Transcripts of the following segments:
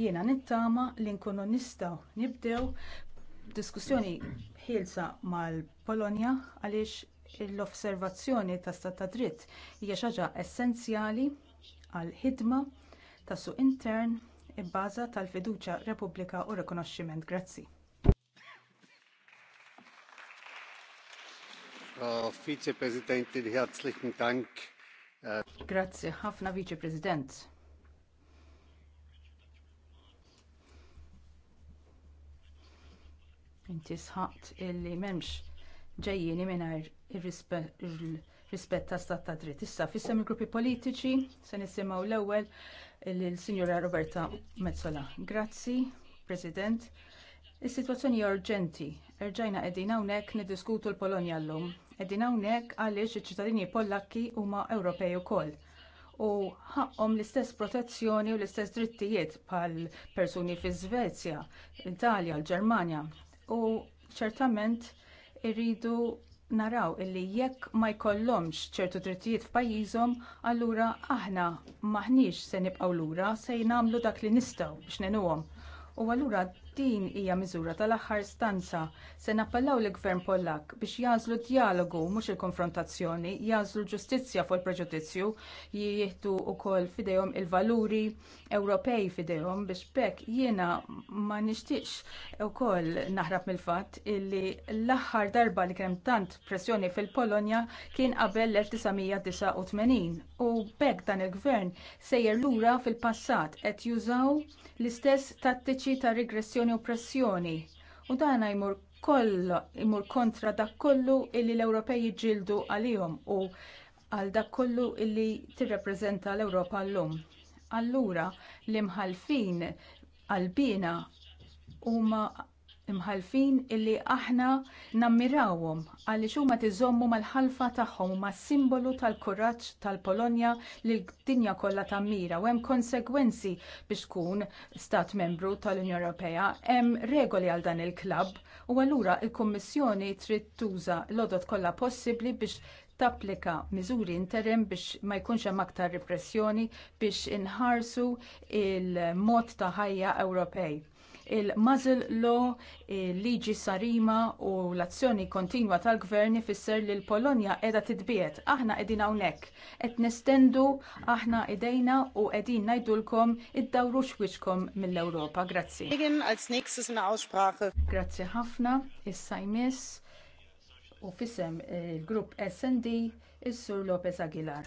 Jiena nittama li nkunu nistaw nibdew diskussjoni ħielsa mal-Polonja għaliex l-osservazzjoni ta' stat ta' dritt hija xi ħaġa essenzjali għall ħidma tas suq intern ibbaża tal-fiduċja Repubblika u rikonoxximent. Grazzi. Vice President, herzlichen Dank. Grazzi ħafna Vice President. Inti sħaqt illi m'hemmx ġejjini mingħajr ir-rispett ta' stat ta' dritt. Issa fissem il-gruppi politiċi se nisimgħu l-ewwel lill-Sinjura Roberta Mezzola. Grazzi, President. Is-sitwazzjoni urġenti. Erġajna qegħdin hawnhekk niddiskutu l-Polonja llum. Qegħdin hawnhekk għaliex iċ-ċittadini Pollakki huma Ewropej ukoll u ħaqhom l-istess protezzjoni u l-istess drittijiet bħal persuni fi Svezja, l Italja, l-Ġermanja u ċertament irridu naraw illi jekk ma jkollhomx ċertu drittijiet f'pajjiżhom, allura aħna maħniex se nibqgħu lura se jnamlu dak li nistgħu biex nenuhom. U allura Din hija miżura tal-aħħar stanza. Se nappellaw lill gvern Pollak biex jażlu dialogu mhux il-konfrontazzjoni, jażlu ġustizzja fuq il-preġudizzju, jieħdu wkoll fidejhom il-valuri Ewropej fidejhom biex bekk jiena ma nixtiex ukoll naħrab mill-fatt illi l-aħħar darba li kemm tant pressjoni fil-Polonja kien qabel l-1989 u bekk dan il-gvern sejjer lura fil-passat qed jużaw l-istess tattiċi ta' regressjoni tensjoni u pressjoni. U dana jmur kollu, jmur kontra dak kollu illi l-Ewropej jiġġieldu għalihom u għal dak kollu illi tirrepreżenta l-Ewropa llum. Allura l-imħalfin għalbina huma imħalfin illi aħna nammirawhom għaliex huma tiżommu mal-ħalfa tagħhom ma' simbolu tal-kuraġġ tal-Polonja li d-dinja kollha tammira u hemm konsegwenzi biex tkun stat membru tal-Unjoni Ewropea, hemm regoli għal dan il-klabb u allura l kummissjoni trid tuża l-odot kollha possibbli biex tapplika miżuri interim biex ma jkunx hemm aktar repressjoni biex inħarsu l mod ta' ħajja Ewropej Il-muzzle law, il-liġi sarima u l-azzjoni kontinwa tal-gvern ifisser li l-Polonja edha titbiet. Aħna edin hawnhekk qed nestendu aħna idejna u qegħdin ngħidulkom dawru xwiċkom mill-Ewropa. Grazzi. Grazzi ħafna, issa jmiss u fissem il-grupp SD is-Sur Lopez Aguilar.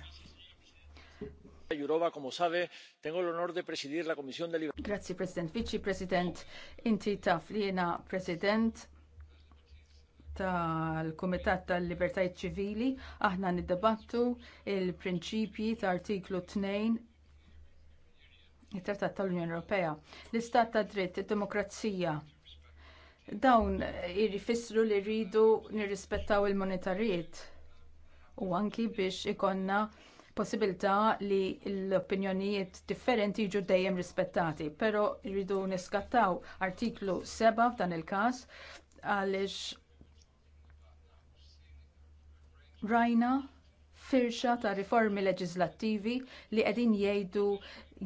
Jurova, como sabe, tengo l de presidir la Comisión de Libertad. Grazie, President. Vici President, inti taf li jena President tal-Kumitat tal-Libertajiet Ċivili, aħna niddebattu il-prinċipji ta' artiklu 2 it-Trattat tal-Unjoni Ewropea. L-Istat ta' dritt, id-demokrazija, dawn jirrifissru li rridu nirrispettaw il-monetarijiet u anki biex ikonna possibilità li l-opinjonijiet differenti jiġu dejjem rispettati, però rridu niskattaw artiklu 7 dan il-każ għaliex rajna firxa ta' riformi leġislattivi li qegħdin jgħidu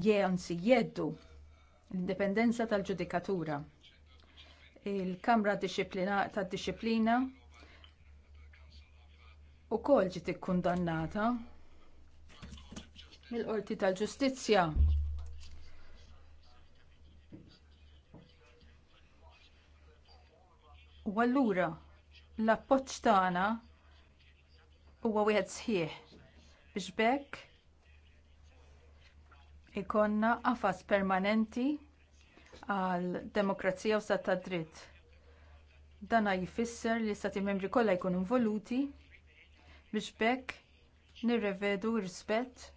jeansi jeddu l-indipendenza tal-ġudikatura. Il-Kamra tad-Disciplina u kol ġiet mill-Qorti tal-Ġustizzja. U għallura, l-appoġġ tagħna huwa wieħed sħiħ biex bekk ikonna għafas permanenti għal demokrazija u stat ta' dritt. Dana jfisser li stati membri kollha jkunu involuti biex bekk nirrevedu rispett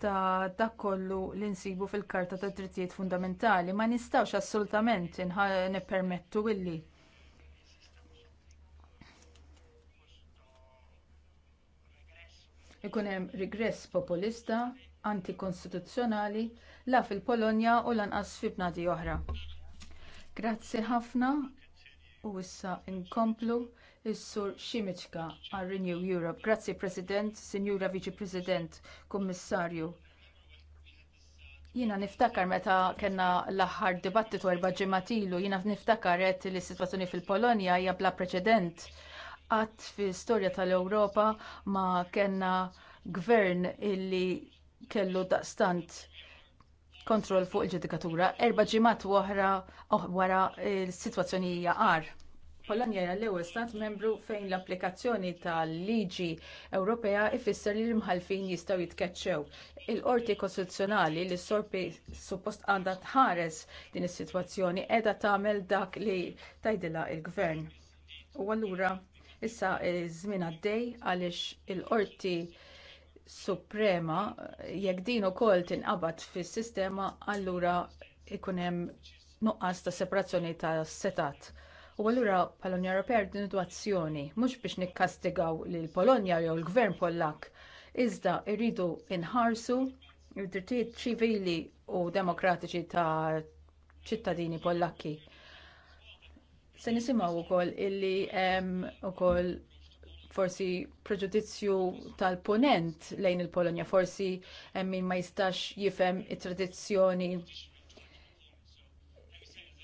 ta' dak kollu li nsibu fil-Karta tad Drittijiet Fundamentali. Ma nistgħux assolutament nippermettu illi ikun hemm rigress populista, antikonstituzzjonali, la fil-Polonja u lanqas fi bnadi oħra. Grazzi ħafna u issa inkomplu Is-Sur Ximiċka għal Renew Europe. Grazzi President, Sinjura Viċi President, Kummissarju. Jiena niftakar meta kellna l-aħħar dibattitu erba' ġimatilu, jiena niftakar qed li s-sitwazzjoni fil-Polonja hija bla preċedent. Qatt fi storja tal-Ewropa ma kellna gvern illi kellu daqstant kontroll fuq il ġedikatura Erba' ġimat oh, wara il-situazzjoni sitwazzjoni hija għar Polonja l-ewwel stat membru fejn l-applikazzjoni tal-liġi Ewropea ifisser li l-imħalfin jistgħu jitkeċċew. Il-Qorti Kostituzzjonali li s sorpi suppost għandha tħares din is-sitwazzjoni qiegħda tagħmel dak li tajdilha l gvern U allura issa żmien għaddej għaliex il-Qorti Suprema jekk din ukoll tinqabad fis-sistema allura ikun hemm nuqqas ta' separazzjoni tas setat U allura pal-Unja Ewropea rridu nidu azzjoni, mhux biex nikkastigaw lill Polonja jew l-Gvern Pollak, iżda rridu inħarsu id-drittijiet ċivili u demokratiċi ta' ċittadini Pollakki. Se nisimgħu wkoll illi hemm ukoll forsi preġudizzju tal punent lejn il-Polonja, forsi hemm min ma jistax jifhem it-tradizzjoni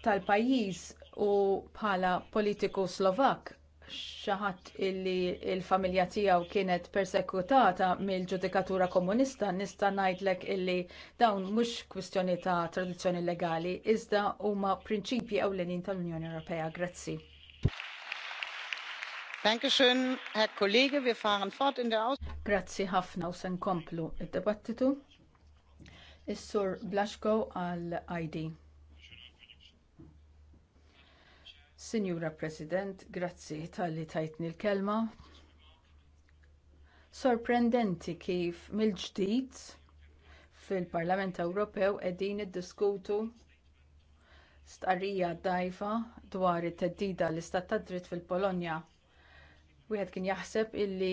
tal-pajjiż u bħala politiku Slovak xaħat illi il-familja tijaw kienet persekutata mill-ġudikatura komunista, nista ngħidlek illi dawn mhux kwistjoni ta' tradizzjoni legali, iżda huma prinċipji ewlenin tal-Unjoni Ewropea. Grazzi. Dankeschön, Herr Kollege. Wir fahren fort in der Aus. Grazzi ħafna u sen komplu id-debattitu. Is-sur Blaschko għal-ID. Sinjura President, grazzi tal-li tajtni l-kelma. Sorprendenti kif mill-ġdid fil-Parlament Ewropew qegħdin iddiskutu stqarrija dgħajfa dwar it-teddida l-istat ta' dritt fil-Polonja. Wieħed kien jaħseb illi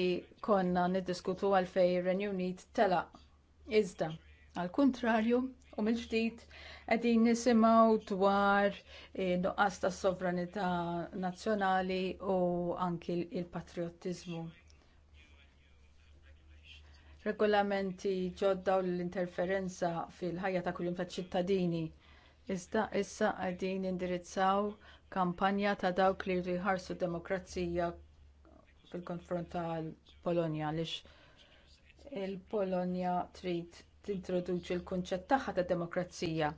konna niddiskutu għalfejn ir-Renju Unit telaq. Iżda, għall kuntrarju u mill-ġdid Qegħdin nisimgħu dwar eh, nuqqas ta' sovranità nazzjonali u anki il patriottizmu Regolamenti ġodda u l-interferenza fil-ħajja ta' kuljum taċ ċittadini. Iżda issa qegħdin indirizzaw kampanja ta' dawk li riħarsu jħarsu d demokrazija fil-konfront tal-Polonja għaliex il-Polonja trid tintroduċi l-kunċett tagħha ta' demokrazija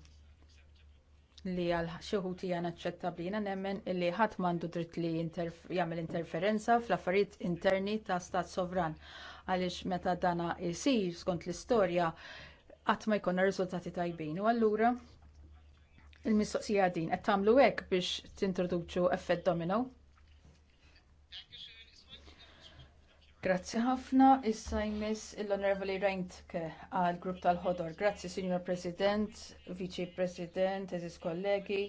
li għal xieħut għan naċċettabbli jiena nemmen li ħadd m'għandu dritt li jagħmel interferenza fl-affarijiet interni ta' stat sovran għaliex meta dana jsir skont l-istorja qatt ma jkollna riżultati tajbin. U allura il-mistoqsija din qed tagħmlu hekk biex tintroduċu effett domino. Grazzi ħafna, issa jmiss l-Onorevoli Reintke għal grupp tal-ħodor. Grazzi, Signor President, Vice President, eżis kollegi.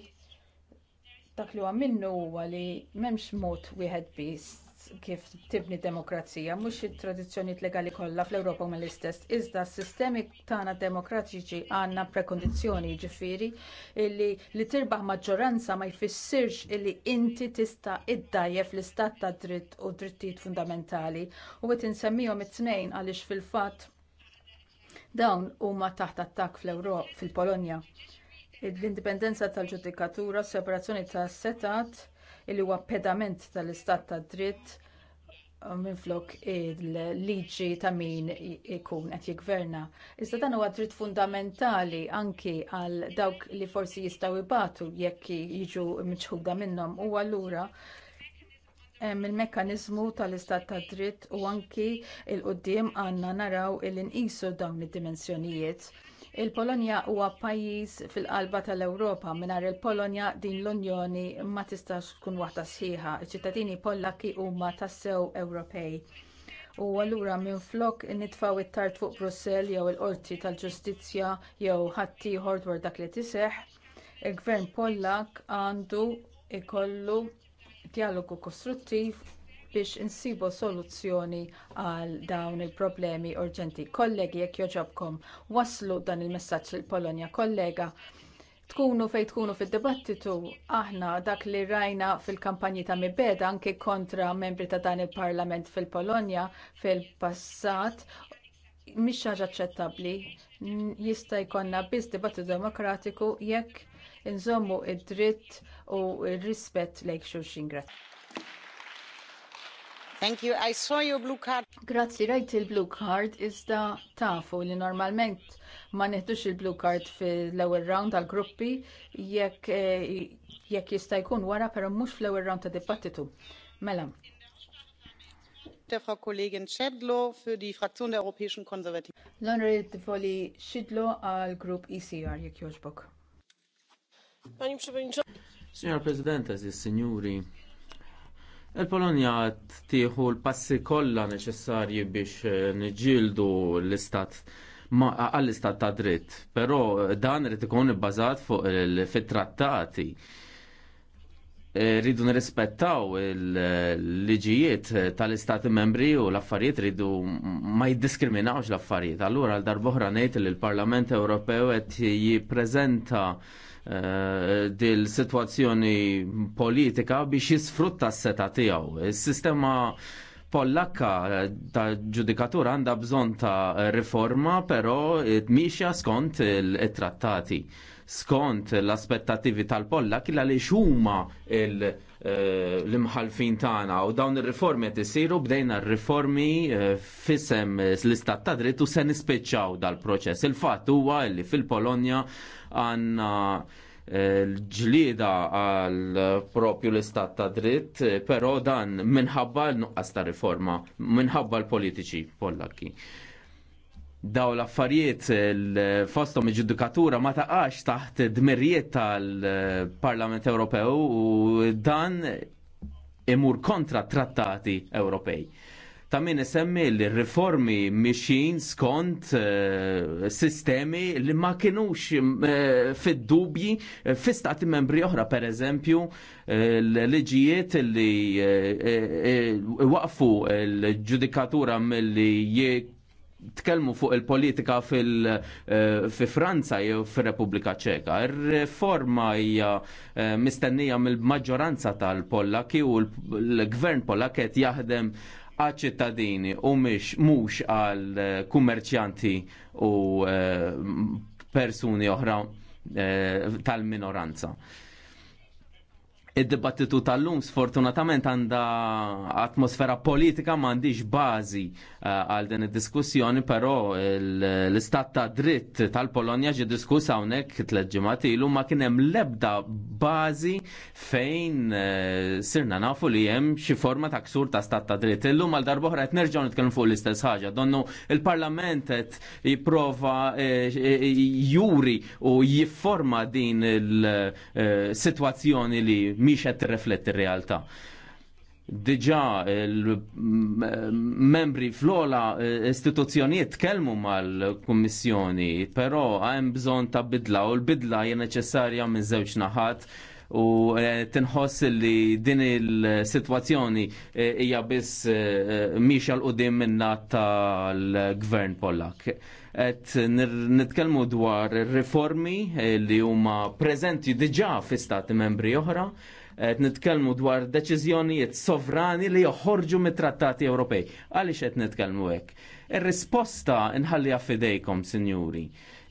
Dak li huwa minnu huwa li m'hemmx mod wieħed biss kif tibni demokrazija, mhux it-tradizzjonijiet legali kollha fl-Ewropa huma l-istess, iżda s-sistemi tagħna demokratiċi għandna prekondizzjoni jiġifieri li li tirbaħ maġġoranza ma jfissirx illi inti tista' iddajjef l-istat ta' dritt u drittijiet fundamentali u qed insemmihom it-tnejn għaliex fil-fatt dawn huma taħt attakk fl-Ewropa fil-Polonja. L-indipendenza tal-ġudikatura, separazzjoni tas setat illi huwa pedament tal-istat ta' dritt um, minflok il-liġi ta' min ikun qed jiggverna. Iżda dan huwa dritt fundamentali anki għal dawk li forsi jistgħu jibatu jekk jiġu miċħuda minnhom u allura il-mekkaniżmu tal-istat ta' dritt u anki l qudiem għandna naraw il-inqisu dawn id-dimensjonijiet. Il-Polonja huwa pajjiż fil-qalba tal-Ewropa mingħajr il-Polonja din l-Unjoni ma tistax tkun waħda sħiħa. Iċ-ċittadini Pollakki huma tassew Ewropej. U allura minflok nitfgħu it-tart fuq Brussell jew il-qorti tal-ġustizzja jew ħaddieħor dwar dak li tiseħħ, il-gvern Pollak għandu ikollu dialogu kostruttiv biex insibu soluzzjoni għal dawn il-problemi urġenti. Kollegi, jekk joġobkom, waslu dan il-messaġġ lill Polonja. Kollega, tkunu fejn tkunu fid-dibattitu, aħna dak li rajna fil-kampanji ta' mibeda anke kontra membri ta' dan il-Parlament fil-Polonja fil-passat, mhix ħaġa aċċettabbli. Jista' jkollna biss dibattitu demokratiku jekk inżommu id-dritt u r rispett lejn xulxin. Grazzi. Thank you. I saw your blue card. Grazzi, rajt il-blue card iżda tafu li normalment ma neħdux il-blue card fil lower round għal gruppi jekk eh, jekk jista' jkun wara pero mux fl lower round ta' dibattitu. Mela. Frau Kollegin Schedlo für die Fraktion der Europäischen Konservativen. l t-folli Schedlo għal grupp ECR jekk jogħġbok. Signor Presidente, signori, Il-Polonja tieħu l-passi kollha neċessarji biex eh, niġġieldu l-istat għall-istat ta' dritt, però eh, dan irid ikun ibbażat fuq fit-trattati. Eh, rridu nirrispettaw il-liġijiet tal-istati membri u l-affarijiet rridu ma jiddiskriminawx l-affarijiet. Allura għal darboħra ngħid li l-Parlament Ewropew qed jippreżenta Eh, dil situazzjoni politika biex jisfrutta s-seta tijaw. Il-sistema Pollakka eh, ta' ġudikatura għandha bżonn ta' riforma, però mixja skont it trattati skont l-aspettativi tal-Polla killa li xuma eh, l-imħalfin tagħna u dawn ir-riformi qed isiru bdejna r-riformi eh, fissem l-istat ta' dritt u se nispiċċaw dal-proċess. Il-fatt huwa li fil-Polonja għandna eh, l-ġlieda għal propju l-istat ta' dritt, però dan minħabba l-nuqqas ta' riforma, minħabba l-politiċi pollaki daw l-affarijiet l-fostom il-ġudikatura ma taqax taħt dmerijiet tal-Parlament Ewropew u dan imur kontra trattati Ewropej. Ta' min semmi l-riformi mixin skont eh, sistemi li ma kienux eh, fid-dubji eh, fi-stati membri oħra, per eżempju, l-leġijiet li waqfu l-ġudikatura mill-li tkellmu fuq il-politika eh, fi Franza jew fir-Repubblika Ċeka. Ir-reforma hija eh, mistennija mill-maġġoranza tal-Pollak u l-gvern Pollak qed jaħdem għal ċittadini u mhix mhux għal eh, kummerċjanti u persuni oħra tal-minoranza. Id-dibattitu tal-lum sfortunatament għanda atmosfera politika m'għandix bażi eh, għal din id-diskussjoni, però l-istat ta' dritt tal-Polonja ġi diskuss hawnhekk tliet ġimgħat ilu ma kien hemm l-ebda bażi fejn eh, sirna nafu li hemm xi forma ta' ksur ta' stat ta' dritt. Illum għal darba oħra qed nerġgħu nitkellmu fuq l-istess ħaġa. Donnu il-Parlament qed jipprova eh, juri u jifforma din il-sitwazzjoni li miex qed tirrifletti ir realtà Diġà il-membri fl-ola eh, istituzzjonijiet kelmu mal-Kummissjoni, pero għem bżon ta' bidla u l-bidla hija neċessarja minn żewġ naħat u eh, tinħoss li din il-situazzjoni eh, hija biss miex għal qudiem minna tal-gvern Pollak qed nitkellmu dwar riformi eh, li huma preżenti diġà fi stati membri oħra, qed nitkellmu dwar deċiżjonijiet sovrani li joħorġu mit-trattati Ewropej. Għaliex qed nitkellmu hekk? Ir-risposta nħalliha fidejkom, sinjuri.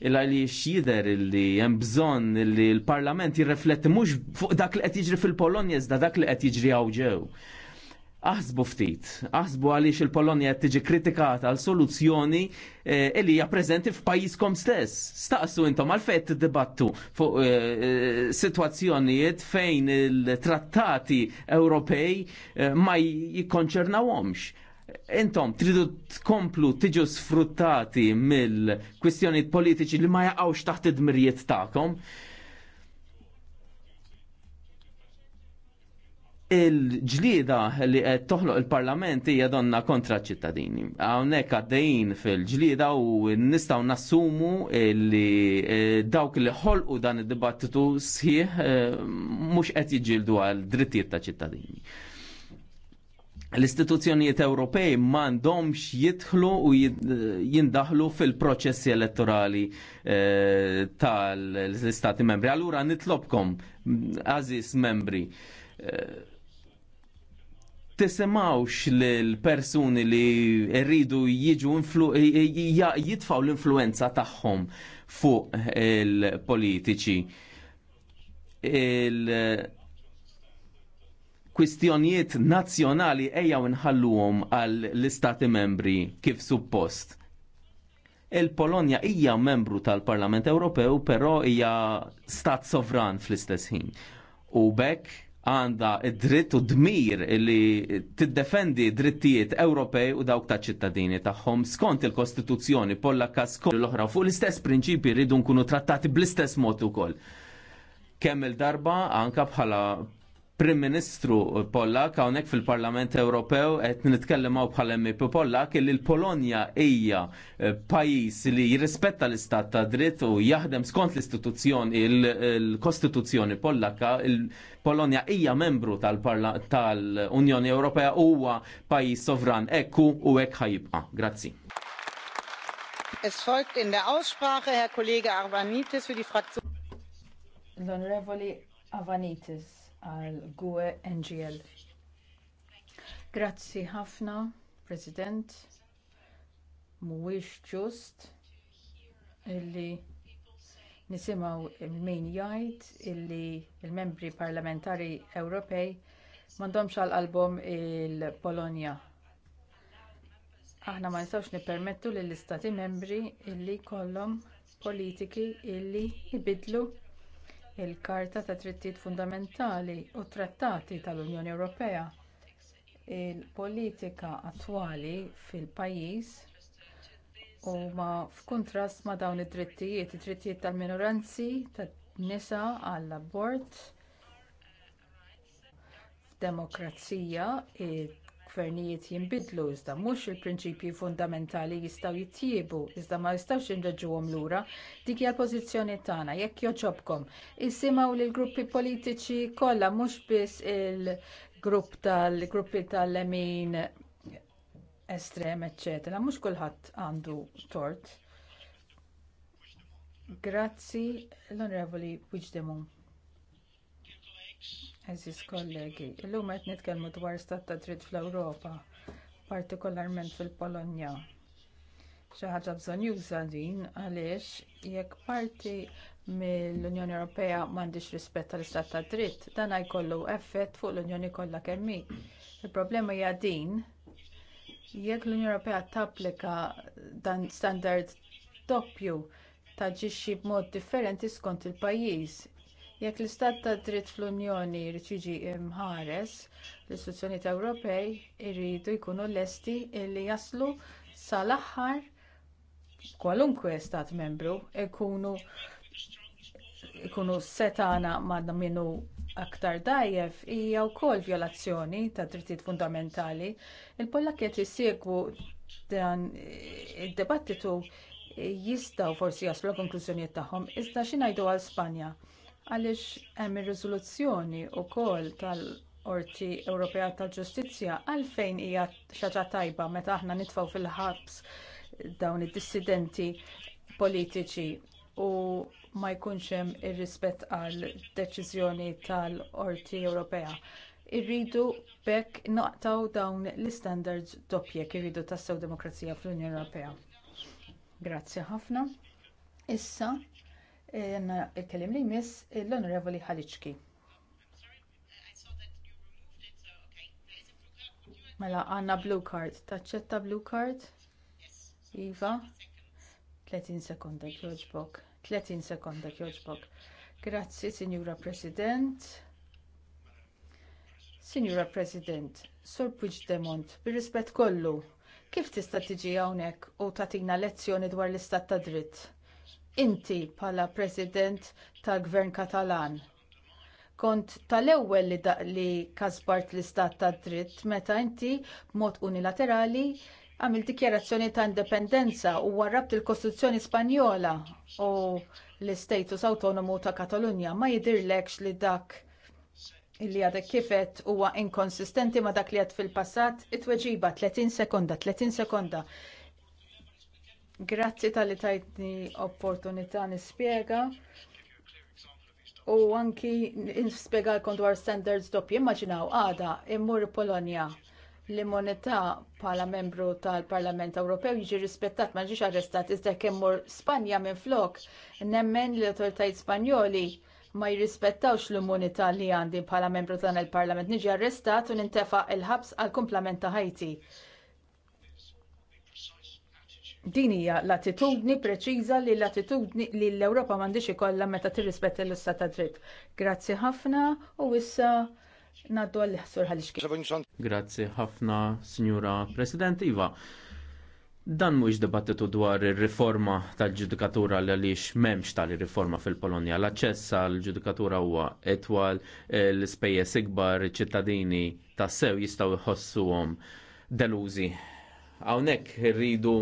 Illa li xider li hemm bżonn li l-Parlament jirrifletti mhux fuq dak li qed jiġri fil-Polonja iżda dak li qed jiġri hawn ġew. Aħsbu ftit, aħsbu għaliex il-Polonja qed tiġi kritikata għal soluzzjoni eh, li hija preżenti f'pajjiżkom stess. Staqsu intom għal fejn tiddibattu fuq eh, sitwazzjonijiet fejn il-trattati Ewropej eh, ma jikkonċernawhomx. Intom tridu tkomplu tiġu sfruttati mill-kwistjonijiet politiċi li ma jaqgħux taħt id-dmirijiet tagħkom. il-ġlida li qed toħloq il-Parlament hija donna kontra ċittadini. Hawnhekk għaddejjin fil-ġlida u nistgħu nassumu li eh, dawk li ħolqu dan id-dibattitu sħiħ eh, mhux qed jiġġieldu għal drittijiet ta' ċittadini. L-istituzzjonijiet Ewropej m'għandhomx jidħlu u jindaħlu fil-proċessi elettorali eh, tal-istati membri. Allura nitlobkom, aziz membri, tisimawx l-persuni li rridu jiġu eh, eh, jitfaw l-influenza tagħhom fuq il-politiċi. Il-kwistjonijiet nazzjonali ejja nħalluhom għal l-istati membri kif suppost. Il-Polonja hija membru tal-Parlament Ewropew, però hija stat sovran fl-istess ħin. U bekk għanda id-dritt u dmir li tiddefendi drittijiet Ewropej u dawk ta' ċittadini tagħhom skont il-Kostituzzjoni Polla Kaskol, l-oħra fuq l-istess prinċipji rridu nkunu trattati bl-istess mod ukoll. Kemm il-darba anka bħala Prim Ministru Pollak hawnhekk fil-Parlament Ewropew qed nitkellemaw bħal MP Pollak li l-Polonja hija eh, pajjiż li jirrispetta l-istat ta' dritt u jaħdem skont l-istituzzjoni l-Kostituzzjoni Pollaka il-Polonja hija membru tal-Unjoni Ewropea huwa pajjiż sovran ekku u hekk ħajibqa'. Grazzi. Es folgt in der Aussprache Herr Kollege Arvanitis für die Fraktion. L'Onorevoli Avanitis għal GUE NGL. Grazzi ħafna, President, mhuwiex ġust illi nisimaw min jgħid illi l membri parlamentari Ewropej m'għandhomx għal qalbhom il-Polonja. Aħna ma nistgħux nippermettu lill istati membri illi jkollhom politiki illi jbidlu il-Karta ta' Drittijiet Fundamentali u t Trattati tal-Unjoni Ewropea. Il-politika attwali fil-pajjiż huma f'kuntrast ma' dawn id-drittijiet, id-drittijiet tal-minoranzi, tan-nisa għall-abort, f'demokrazija, gvernijiet jinbidlu iżda mhux il-prinċipji fundamentali jistgħu jittjiebu iżda ma jistgħux inreġuhom lura dik hija l-pożizzjoni tagħna jekk joġobkom. Isimgħu lil gruppi politiċi kollha mhux biss il-grupp tal-gruppi tal-lemin estrem, ecc. mhux kulħadd għandu tort. Grazzi l-Onorevoli Wiġdemon. Aziz kollegi, illum qed nitkellmu dwar stat ta' dritt fl-Ewropa, partikolarment fil-Polonja. Xi ħaġa juża din għaliex jekk parti mill-Unjoni Ewropea m'għandix rispett tal-istat ta' dritt, dan jkollu effett fuq l-Unjoni kollha kemm Il-problema hija din jekk l-Unjoni Ewropea tapplika dan standard doppju taġixxi b'mod differenti skont il-pajjiż Jekk l-istat ta' dritt fl-Unjoni jrid jiġi mħares, l-istituzzjonijiet Ewropej irridu jkunu lesti li jaslu sal-aħħar kwalunkwe stat membru ikunu ikunu setana madna minnu aktar dajjef hija wkoll vjolazzjoni ta' drittijiet fundamentali. il polla qed isegwu dan id-dibattitu jistgħu forsi jaslu konklużjonijiet tagħhom, iżda xi ngħidu għal Spanja għaliex hemm ir-riżoluzzjoni wkoll tal-Qorti Ewropea tal-Ġustizzja għalfejn hija xi tajba meta aħna nitfgħu fil-ħabs dawn id-dissidenti politiċi u ma jkunx hemm ir-rispett għal deċiżjoni tal-Qorti Ewropea. Irridu bekk naqtaw dawn l-istandards doppje irridu tassew demokrazija fl-Unjoni Ewropea. Grazzi ħafna. Issa jenna il-kelim li jmiss l-Onorevoli Ħaliċki. Mela għanna blue card. Taċċetta blue card? Iva? 30 sekonda Bok. 30 sekonda Bok. Grazzi, Signora President. Signora President, Sur Puigdemont, bir-rispett kollu, kif tista' tiġi hawnhekk u tatina lezzjoni dwar l-istat ta' dritt? inti bħala president tal-Gvern Katalan. Kont tal-ewwel li, da, li kasbart l-istat tad dritt meta inti b'mod unilaterali għamil dikjerazzjoni ta' indipendenza u warrabt il-Kostituzzjoni Spanjola u l-istatus autonomu ta' Katalunja ma jidirlekx li dak li għadek kifet huwa inkonsistenti ma dak li għad fil-passat it-tweġiba 30 sekonda, 30 sekonda. Grazzi tal-li tajtni opportunità nispjega. U anki nispjega dwar standards doppi. Immaġinaw, għada, immur Polonja l-immunità bħala membru tal-Parlament Ewropew jiġi rispettat ma ġiex arrestat iżda kemmur Spanja minflok nemmen li l-autoritajiet Spanjoli ma jirrispettawx l-immunità li għandi bħala membru tal-Parlament niġi arrestat u nintefa' il-ħabs għal kumplament ta' Ħajti. Din hija l-attitudni preċiża li l-attitudni li l-Ewropa m'għandix ikollha meta tirrispett l-istat ta' dritt. Grazzi ħafna u issa ngħaddu għall ħsur Grazzi ħafna, Sinjura President Iva. Dan mhuwiex dibattitu dwar ir-riforma tal-ġudikatura li għaliex m'hemmx tal-riforma fil-Polonja. L-aċċess għall-ġudikatura huwa etwal l-ispejjeż ikbar ċittadini tassew jistgħu jħossuhom delużi. Hawnhekk irridu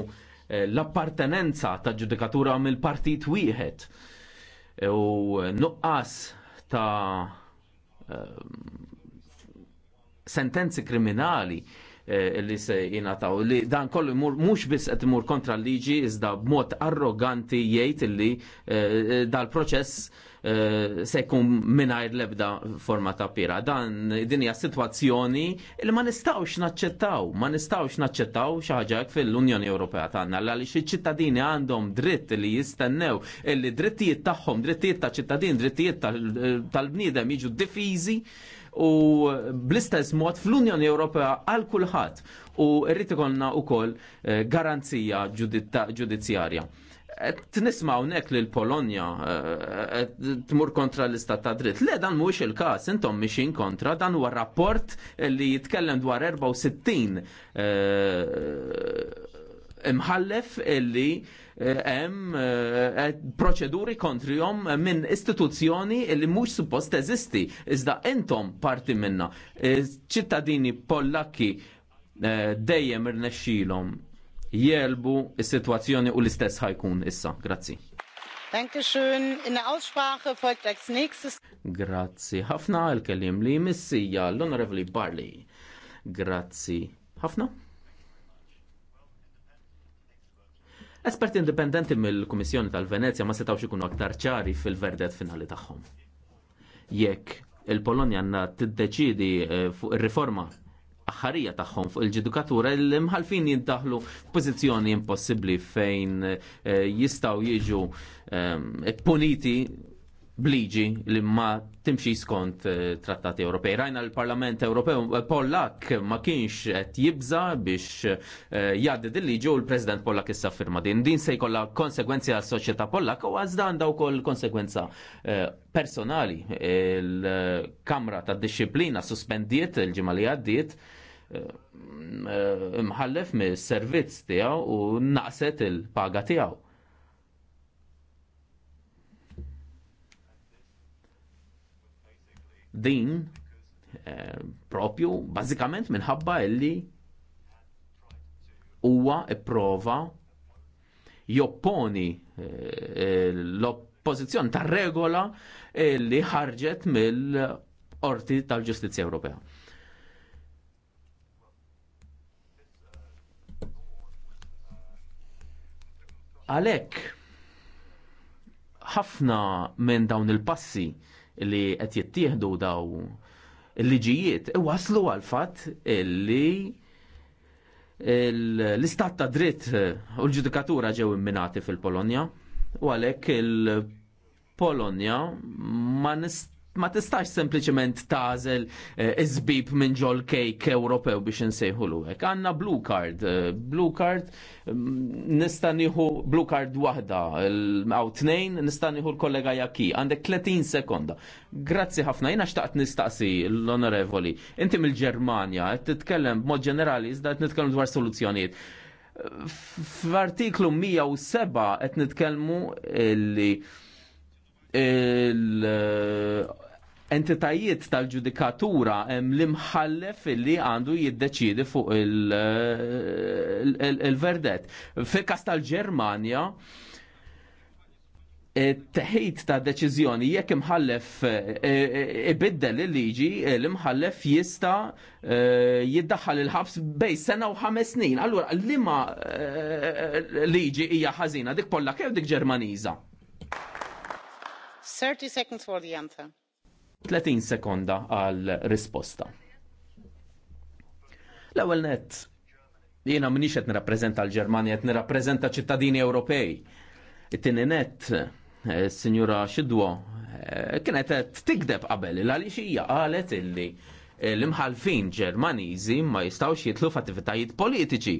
Eh, l-appartenenza ta' ġudikatura mill partit wieħed eh, u nuqqas ta' eh, sentenzi kriminali Eh, li se jingħataw. Li dan kollu mhux biss qed imur kontra l-liġi iżda b'mod arroganti jgħid li eh, eh, dal-proċess se jkun mingħajr l-ebda forma ta' pira. Dan din hija sitwazzjoni li ma nistgħux naċċettaw, ma nistgħux naċċettaw xi ħaġa fil-Unjoni Ewropea tagħna għaliex iċ-ċittadini għandhom dritt li jistennew illi drittijiet tagħhom, drittijiet ta' ċittadin, drittijiet tal-bniedem jiġu diffiżi u bl-istess mod fl-Unjoni Ewropea għal kulħadd u rrid ikollna wkoll eh, garanzija ġudizzjarja. Tnismaw nek li l-Polonja eh, tmur kontra l-istat ta' dritt. Le dan mhuwiex il-każ, intom mixin kontra, dan huwa rapport li jitkellem dwar 64 imħallef illi eh, hemm eh, eh, proċeduri kontrihom minn istituzzjoni li mhux suppost teżisti, iżda intom parti minna. Ċittadini Pollakki dejjem irnexxilhom jelbu s-sitwazzjoni u l-istess ħajkun issa. Grazzi. Dankeschön. In der Aussprache folgt als nächstes. Grazie. Hafna, il-kellim li missija l-Onorevoli Barley. Grazie. Hafna? Esperti indipendenti mill-Kummissjoni tal-Venezja ma setawx ikunu aktar ċari fil-verdet finali tagħhom. Jekk il-Polonja għandna tiddeċidi eh, fuq ir-riforma aħħarija tagħhom fuq il-ġedukatura l mħalfin jiddaħlu pożizzjoni impossibbli fejn eh, jistgħu jiġu ehm, puniti bliġi li ma timxi skont eh, trattati Ewropej. Rajna l-Parlament Ewropew eh, Pollak ma kienx qed jibża biex eh, jgħaddi din liġi u l-President Pollak issa firma din. Din se jkollha konsegwenzi għas soċjetà Pollak u għażda għandha wkoll konsegwenza personali. Il-Kamra tad-Disciplina suspendiet il-ġimgħa li għaddiet mħallef mis-servizz tiegħu u naqset il-paga tiegħu Din eh, propju bażikament minħabba illi huwa prova jopponi eh, l-oppożizzjoni tar regola illi ħarġet mill-Qorti tal-Ġustizzja Ewropea. Għalhekk ħafna minn dawn il-passi li qed jittieħdu daw il-liġijiet waslu għal fatt li l-istat ta' dritt u l-ġudikatura ġew imminati fil-Polonja u għalhekk il-Polonja ma nist ma tistax sempliċement tażel eh, izbib minn ġol kejk Ewropew biex l hekk. Għanna blue card, eh, blue card mm, nista' nieħu blue card waħda għaw tnejn nista' nieħu l-kollega Jaki. Għandek 30 sekonda. Grazzi ħafna, Jina xtaqt nistaqsi l-onorevoli. Inti mill-Ġermanja qed titkellem b'mod ġenerali iżda t-tkellem dwar soluzzjonijiet f'artiklu 107 qed nitkellmu li il entitajiet tal-ġudikatura l-imħallef li għandu jiddeċidi fuq eh, il-verdet. Fil-kas tal-Germania, teħid ta' deċiżjoni jekk imħallef eh, eh, ibiddel il-liġi l-imħallef jista jiddaħħal il-ħabs bej sena u ħames snin. Allura, l-imma liġi hija ħażina dik Pollakja u dik Ġermaniża. 30 seconds for the anthem. 30 sekonda għal risposta. L-ewwel net jiena mniex qed nirrapprezenta l germania qed nirrapprezenta ċittadini Ewropej. It-tieni net eh, Sinjura Xidwo eh, kienet qed tikdeb qabel il għalixija hija qalet illi l-imħalfin Ġermaniżi ma jistgħux jitlu f'attivitajiet politiċi.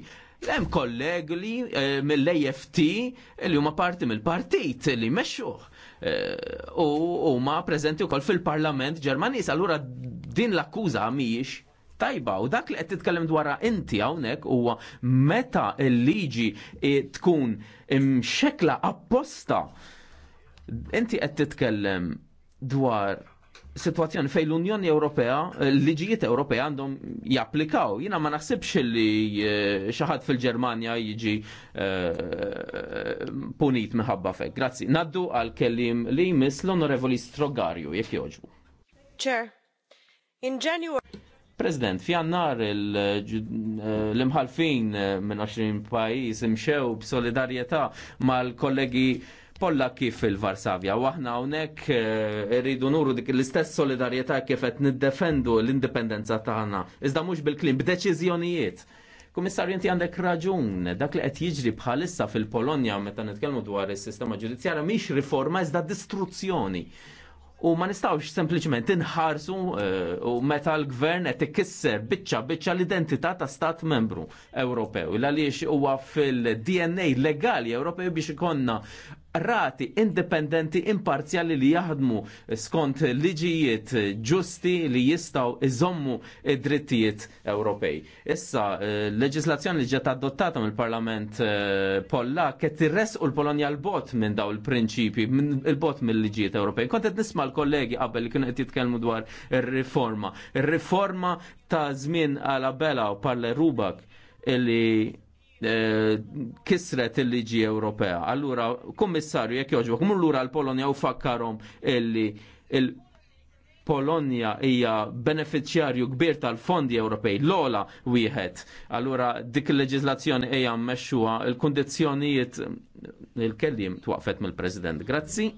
Hemm li eh, mill-AFT li huma parti mill-partit li mexxuh. Eh, u huma preżenti wkoll fil-Parlament Ġermaniż, allura din l-akkuża mhijiex tajba u dak li qed titkellem dwarha inti hawnhekk huwa meta l-liġi eh, tkun imxekla apposta. Inti qed titkellem dwar situazzjoni fej l-Unjoni Ewropea, l-liġijiet eh, Ewropea għandhom japplikaw. Jina ma naħsibx li eh, xaħat fil-Germania jiġi eh, punit minħabba fek. Grazzi. Naddu għal kellim li jmiss l-Onorevoli Strogarju, jek joġbu. Chair, in January. President, fjannar l-imħalfin minn 20 pajis imxew b'solidarjetà mal-kollegi polla kif il-Varsavja. U aħna hawnhekk eh, irridu nuru dik l-istess solidarjetà kif qed niddefendu l-indipendenza tagħna. Iżda mhux bil-klim, b'deċiżjonijiet. Kummissarju, inti għandek raġun, dak li qed jiġri bħalissa fil-Polonja meta nitkellmu dwar is-sistema ġudizzjarja mhix riforma iżda distruzzjoni. U ma nistawx sempliċement inħarsu eh, u meta l-gvern qed ikisser biċċa biċċa l-identità ta' stat membru Ewropew. L għaliex huwa fil-DNA legali Ewropew biex ikonna rati indipendenti imparzjali li jaħdmu skont liġijiet ġusti li jistaw iżommu id-drittijiet Ewropej. Issa, eh, leġislazzjoni li ġiet adottata mill-Parlament eh, Polla ket tirres u l-Polonja l-bot minn daw il-prinċipi, il-bot mill-liġijiet Ewropej. Kontet nisma l-kollegi qabel li kienu qed jitkellmu dwar ir-riforma. Ir-riforma ta' żmien għala Bela u Parle Rubak illi Eh, kisret il-liġi Ewropea. Allura, kommissarju, jekk joġbu, kum l-Polonja u fakkarom illi il-Polonja hija beneficjarju kbir tal-fondi Ewropej, l-ola wieħed. Allura, dik il-leġizlazzjoni hija meċxua, il-kundizzjonijiet il-kellim twaqfet mill-President. Grazzi.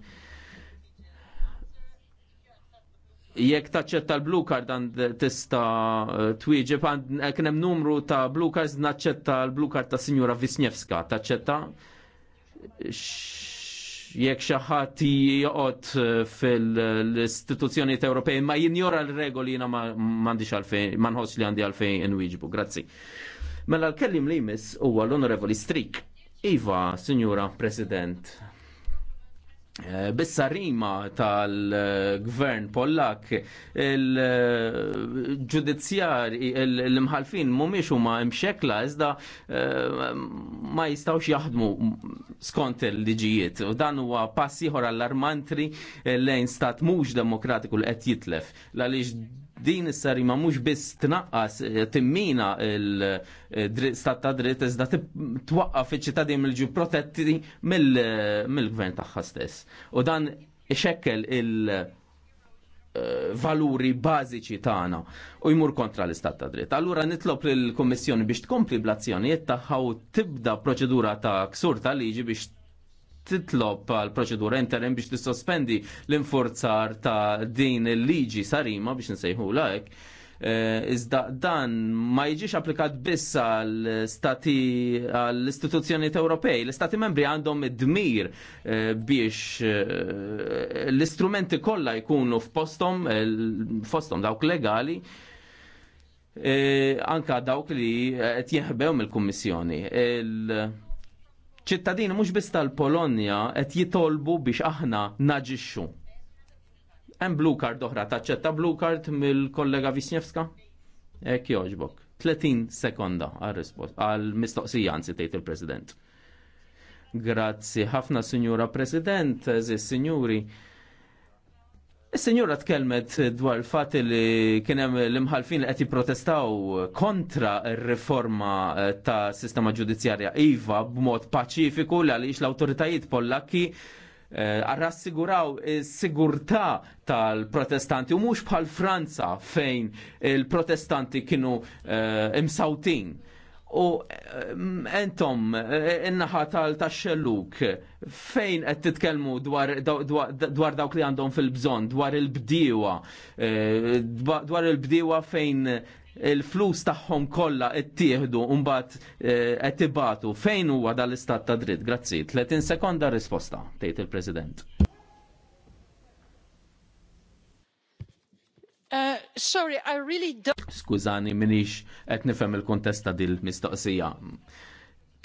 jekk taċċetta l-blue card għand tista eh, twieġeb għand eh, kien hemm numru ta' blue cards naċċetta l-blue card ta' Sinjura Wisniewska, taċċetta jekk xi ħadd joqgħod eh, fil-istituzzjonijiet Ewropej ma jinjora l-regoli jiena m'għandix għalfejn, ma nħoss li għandi għalfejn inwieġbu, grazzi. Mela l-kellim li jmiss huwa l-Onorevoli Strik. Iva, Sinjura President, Eh, Bis-sa-rima tal-gvern Pollak il-ġudizzjar eh, l-imħalfin mumiex huma imxekla iżda eh, ma jistawx jaħdmu skont il-liġijiet u dan huwa passiħor allarmantri lejn stat mhux demokratiku li qed jitlef din is-sarima mhux biss tnaqqas eh, timmina l-stat ta' dritt iżda twaqqaf iċ-ċittadin mill-ġu protetti mill-gvern tagħha stess. U dan ixekkel il- eh, valuri bażiċi tagħna u jmur kontra l-istat ta' dritt. Allura nitlob lill kummissjoni biex tkompli blazzjonijiet tagħha u tibda proċedura ta' ksur ta' liġi biex titlob għal proċedura interim biex tissospendi l inforzar ta' din il-liġi sarima biex nsejħu lajk. Eh, iżda dan ma jiġix applikat biss għall-stati għall-istituzzjonijiet Ewropej. L-istati membri għandhom id-dmir eh, biex eh, l-istrumenti kollha jkunu f'postom, fostom dawk legali, anka dawk li qed jeħbew mill-Kummissjoni ċittadini mhux biss tal-Polonja qed jitolbu biex aħna naġixxu. Hemm blue card oħra, taċċetta blue card mill-kollega Wisniewska? Ek joġbok. 30 sekonda għal-mistoqsija anzi tgħid il-President. Grazzi ħafna, Sinjura President, eżis, Sinjuri. Is-senjura tkellmet dwar il-fat li kien hemm l-imħalfin li qed jipprotestaw kontra r-riforma eh, ta' sistema ġudizzjarja iva b'mod paċifiku li għaliex l-awtoritajiet Pollakki għarrassiguraw eh, sigurta sigurtà tal-protestanti u mhux bħal Franza fejn il-protestanti kienu eh, imsawtin u eh, entom eh, innaħa tal-taxxelluk fejn qed titkellmu dwar dawk li għandhom fil-bżonn, dwar il bdiwa eh, dwar il bdiwa fejn il-flus tagħhom kollha ttieħdu mbagħad qed tibatu fejn huwa dal-istat ta' dritt. Grazzi, 30 sekonda risposta, tgħid il-President. Uh, sorry, I really don't... Skużani, minix qed nifhem il-kontest ta' dil mistoqsija.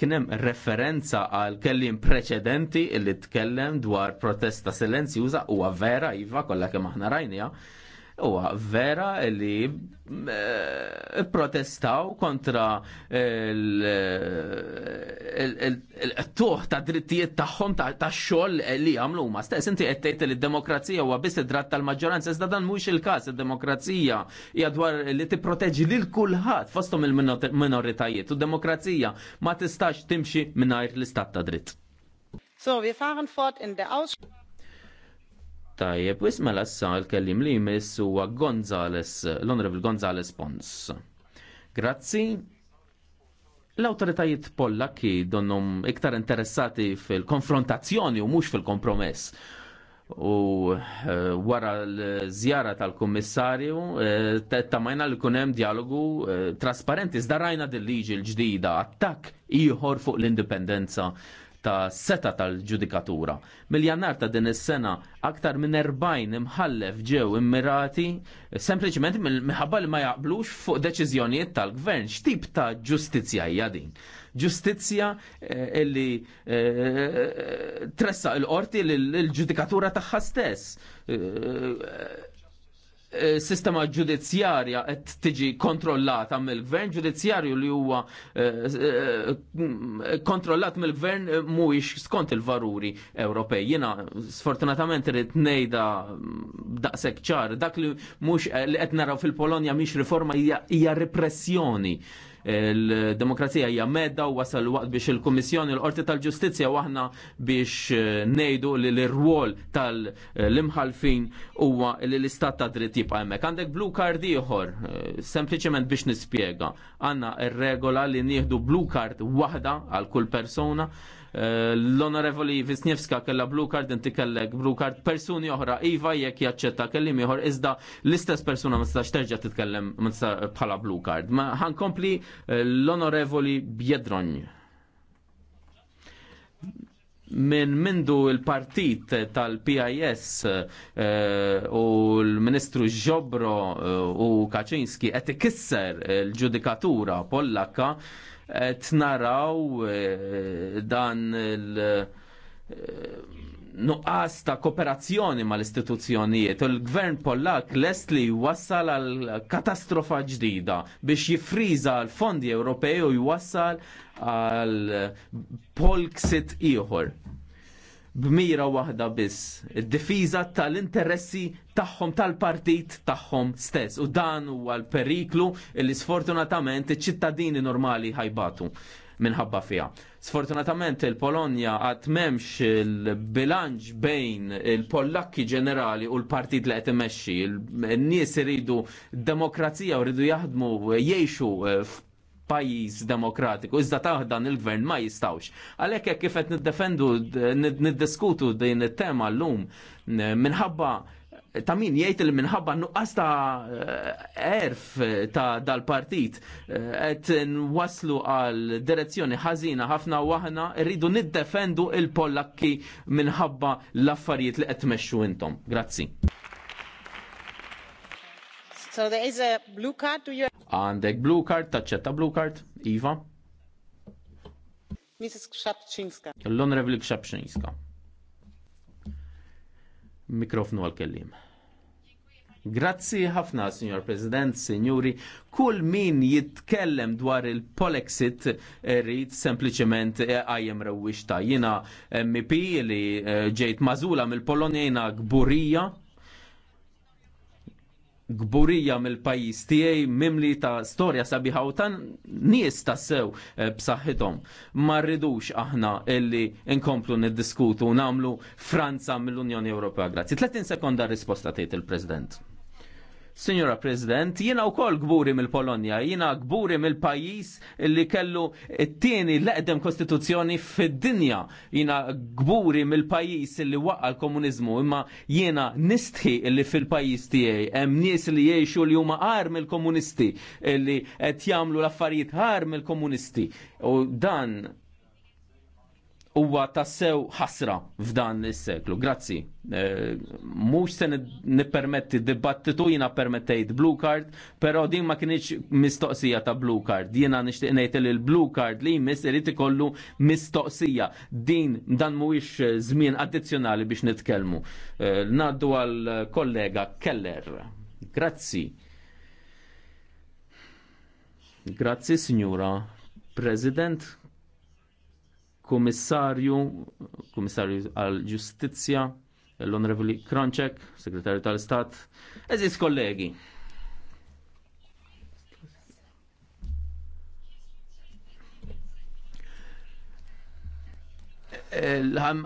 Kien hemm referenza għal kellim preċedenti li tkellem dwar protesta silenzjuża huwa vera iva kollha kemm aħna rajnija, huwa vera li eh, protestaw kontra il-tuħ ta' drittijiet tagħhom ta' xogħol li jagħmlu huma stess inti qed tgħid li d-demokrazija huwa biss id-dratt tal-maġġoranza iżda dan mhuwiex il-każ id-demokrazija hija dwar li tipproteġi lil kulħadd fosthom il-minoritajiet u demokrazija ma tistax timxi mingħajr l-istat ta' dritt. So, wir fahren fort in der Aussprache. Tajjeb, u isma l-assa l-kellim li jmiss huwa Gonzales, l-Honorable Gonzales Pons. Grazzi. L-autoritajiet pollaki donnom iktar interessati fil-konfrontazzjoni u mhux fil-kompromess u eh, wara l-zjara tal-kommissarju eh, tamajna li kunem dialogu eh, trasparenti zdarajna dil-liġi l-ġdida attak iħor fuq l-indipendenza ta' seta tal-ġudikatura. Miljannar ta' din is-sena aktar minn 40 imħallef ġew immirati sempliċement minħabba li ma jaqblux fuq deċiżjonijiet tal-gvern. X'tip ta' ġustizzja hija din? Ġustizzja eh, illi eh, tressa l-qorti l-ġudikatura tagħha stess eh, Eh, sistema ġudizzjarja qed tiġi kontrollata mill-gvern ġudizzjarju li huwa eh, eh, kontrollat mill-gvern mhuwiex skont il varuri Ewropej. Jiena sfortunatament irid ngħidha mm, daqshekk ċar dak li mhux li qed naraw fil-Polonja mhix riforma hija repressjoni. Il-demokrazija hija medda u wasal waqt biex il-Kummissjoni l-Qorti tal-Ġustizzja waħna biex eh, ngħidu li l-irwol tal-imħalfin huwa li l-istat ta' dritt jibqa' hemmhekk. Għandek blue card ieħor, eh, sempliċement biex nispjega. Għandna r-regola li nieħdu blue card waħda għal kull persuna L-Onorevoli Visniewska kella blue card inti kellek blue card persuni oħra iva jekk jaċċetta kellim ieħor iżda l-istess persuna ma tistax terġa' titkellem bħala blue card. Ma ħankompli eh, l-Onorevoli Biedronj Min mindu il-partit tal-PIS eh, u l-Ministru Ġobro eh, u Kaczynski qed ikisser il-ġudikatura Pollakka tnaraw eh, dan il- eh, nuqqas ta' kooperazzjoni mal istituzzjonijiet u l-gvern Pollak lest li jwassal għal katastrofa ġdida biex jifriza l-fondi Ewropej u jwassal għal polksit ieħor b'mira waħda biss, id-difiża tal-interessi tagħhom tal-partit tagħhom stess. U dan huwa l-periklu li sfortunatament iċ-ċittadini normali ħajbatu minħabba fija. Sfortunatament il-Polonja għat memx il-bilanċ bejn il-Pollakki ġenerali u l-partit li għet imexxi. N-nies iridu demokrazija u rridu jaħdmu jiexu eh, pajjiż demokratiku. Iżda taħdan il-gvern ma jistawx. Għalhekk hekk kif qed niddefendu niddiskutu din it-tema llum eh, minħabba ta' min jgħid li minħabba nuqqas ta' eh, erf ta' dal-partit eh, qed waslu għal direzzjoni ħażina ħafna waħna rridu niddefendu il-Pollakki minħabba l-affarijiet li qed tmexxu intom. Grazzi. So there is a blue card. Do you... Għandek blue card, taċċetta blue card, Iva. Mrs. Kshapchinska. L-Onorevoli Kshapchinska. Mikrofnu għal-kellim. Grazzi ħafna, Signor President, Signori. Kull min jitkellem dwar il-Polexit rrit sempliciment għajem e, ta' Jina MP li eh, ġejt mażula mill-Polonjena gburija gburija mill-pajis tiegħi mimli ta' storja sabiħa u tan nies ta' sew eh, b'saħħithom. Ma rridux aħna illi nkomplu niddiskutu u nagħmlu Franza mill-Unjoni Ewropea. Grazzi. 30 sekonda risposta tgħid il-President. Signora President, jiena u kol gburi mill-Polonja, jiena gburi mill-pajis li kellu t-tieni l-eqdem kostituzzjoni fid-dinja, jiena gburi mill-pajis li waqqa l-komunizmu, imma jiena nistħi li fil-pajis tiegħi hemm nies li jgħixu li huma għar mill-komunisti, li qed jagħmlu l-affarijiet għar mill-komunisti. U dan huwa tassew ħasra f'dan is-seklu. Grazzi. Eh, mhux se nippermetti dibattitu jiena permettejt blue card, però din ma kienx mistoqsija ta' blue card. Jiena nixtieq ngħid li blue card li jmiss irid ikollu mistoqsija. Din dan mhuwiex eh, żmien addizzjonali biex nitkellmu. Eh, ngħaddu għal kollega Keller. Grazzi. Grazzi, Signora President, kummissarju, kummissarju għal ġustizzja l-Onorevoli Kronċek, Segretarju tal-Istat, eżis kollegi.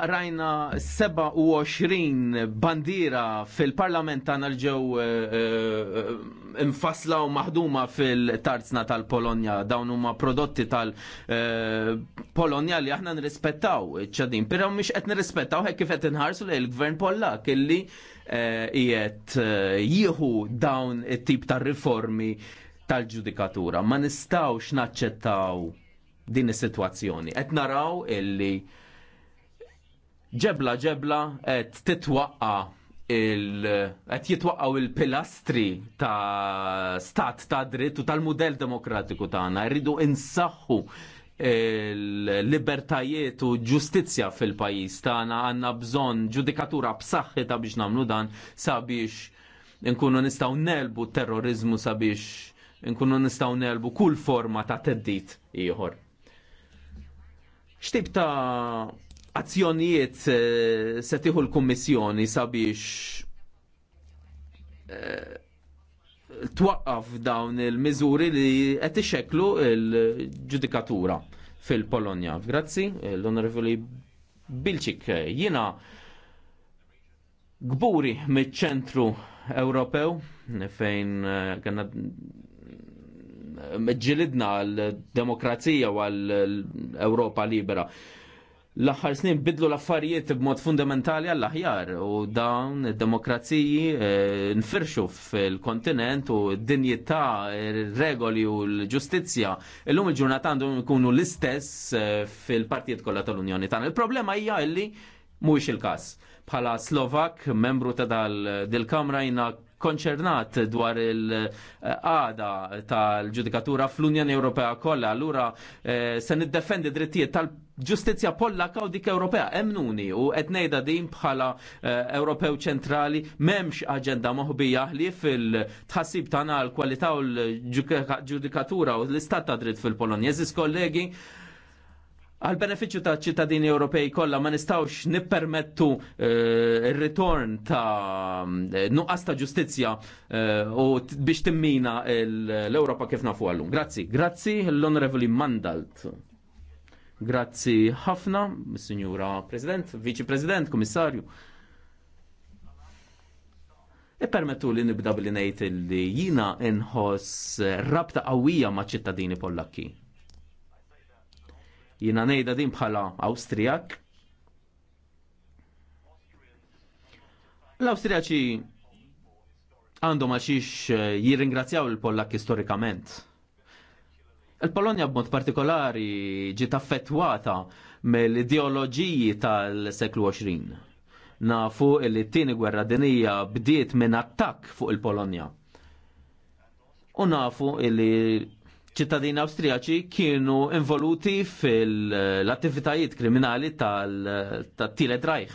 rajna 27 bandira fil-parlament tagħna ġew eh, eh, infasla u maħduma fil-tarzna tal-Polonja dawn huma prodotti tal-Polonja eh, li aħna nrispettaw iċ-ċadin, però mhix qed nrispettaw hekk kif qed inħarsu lejn gvern polla illi qiegħed jieħu dawn it-tip ta' riformi tal-ġudikatura. Ma nistawx naċċettaw din is-sitwazzjoni. Qed naraw illi ġebla ġebla qed titwaqa il qed jitwaqgħu il-pilastri ta' stat ta' dritt u tal-mudell demokratiku tagħna rridu insaħħu il-libertajiet u ġustizzja fil-pajjiż tagħna għandna bżonn ġudikatura ta' biex nagħmlu dan sabiex nkunu nistgħu nelbu terrorizmu sabiex nkunu nistgħu nelbu kull forma ta' teddit ieħor. X'tib ta' azzjonijiet eh, se tieħu l-Kummissjoni sabiex eh, twaqqaf dawn il-miżuri li qed ixekklu l-ġudikatura fil-Polonja. Grazzi, l-Onorevoli Bilċik, jiena gburi mit-ċentru Ewropew fejn eh, għanna ġilidna għal demokrazija u għal europa libera l-aħħar snin bidlu l-affarijiet b'mod fundamentali għall-aħjar u dawn id-demokraziji eh, nfirxu fil-kontinent u d-dinjità, regoli u l-ġustizzja. Illum il-ġurnata għandhom ikunu l-istess eh, fil-partijiet kollha tal-Unjoni tagħna. Il-problema hija illi mhuwiex il-każ. Bħala Slovak, membru ta' dil-Kamra jina konċernat dwar il-għada tal-ġudikatura fl-Unjoni Ewropea kollha, allura eh, se niddefendi drittijiet tal ġustizja Pollaka u dik Ewropea emnuni u qed ngħidha din bħala eh, Ewropew ċentrali m'hemmx aġenda moħbija li fil-tħassib tagħna l-kwalità u l-ġudikatura u l-istat ta' dritt fil-Polonja. Jeżis kollegi, għal beneficju ta' ċittadini Ewropej kollha ma nistawx nippermettu eh, ir-ritorn ta' eh, nuqqas ta' ġustizzja eh, u biex timmina l-Ewropa kif nafu għallum. Grazzi, grazzi l-Onorevoli Mandalt. Grazzi ħafna, Signora President, Viċi President, Komissarju. Ippermettu li nibda billi ngħid li jiena inħoss rabta qawwija ma' ċittadini Pollakki Jina nejda din bħala Awstrijak. L-Awstrijaċi għandhom maċiċ eh, jirringrazzjaw il-Pollak istorikament. Il-Polonja b'mod partikolari ġiet affettwata mill-ideoloġiji tal-seklu 20. Nafu li t-tieni gwerra dinija bdiet minn attakk fuq il-Polonja. U nafu li ċittadini Awstrijaċi kienu involuti fil-attivitajiet kriminali tal tile Drajħ.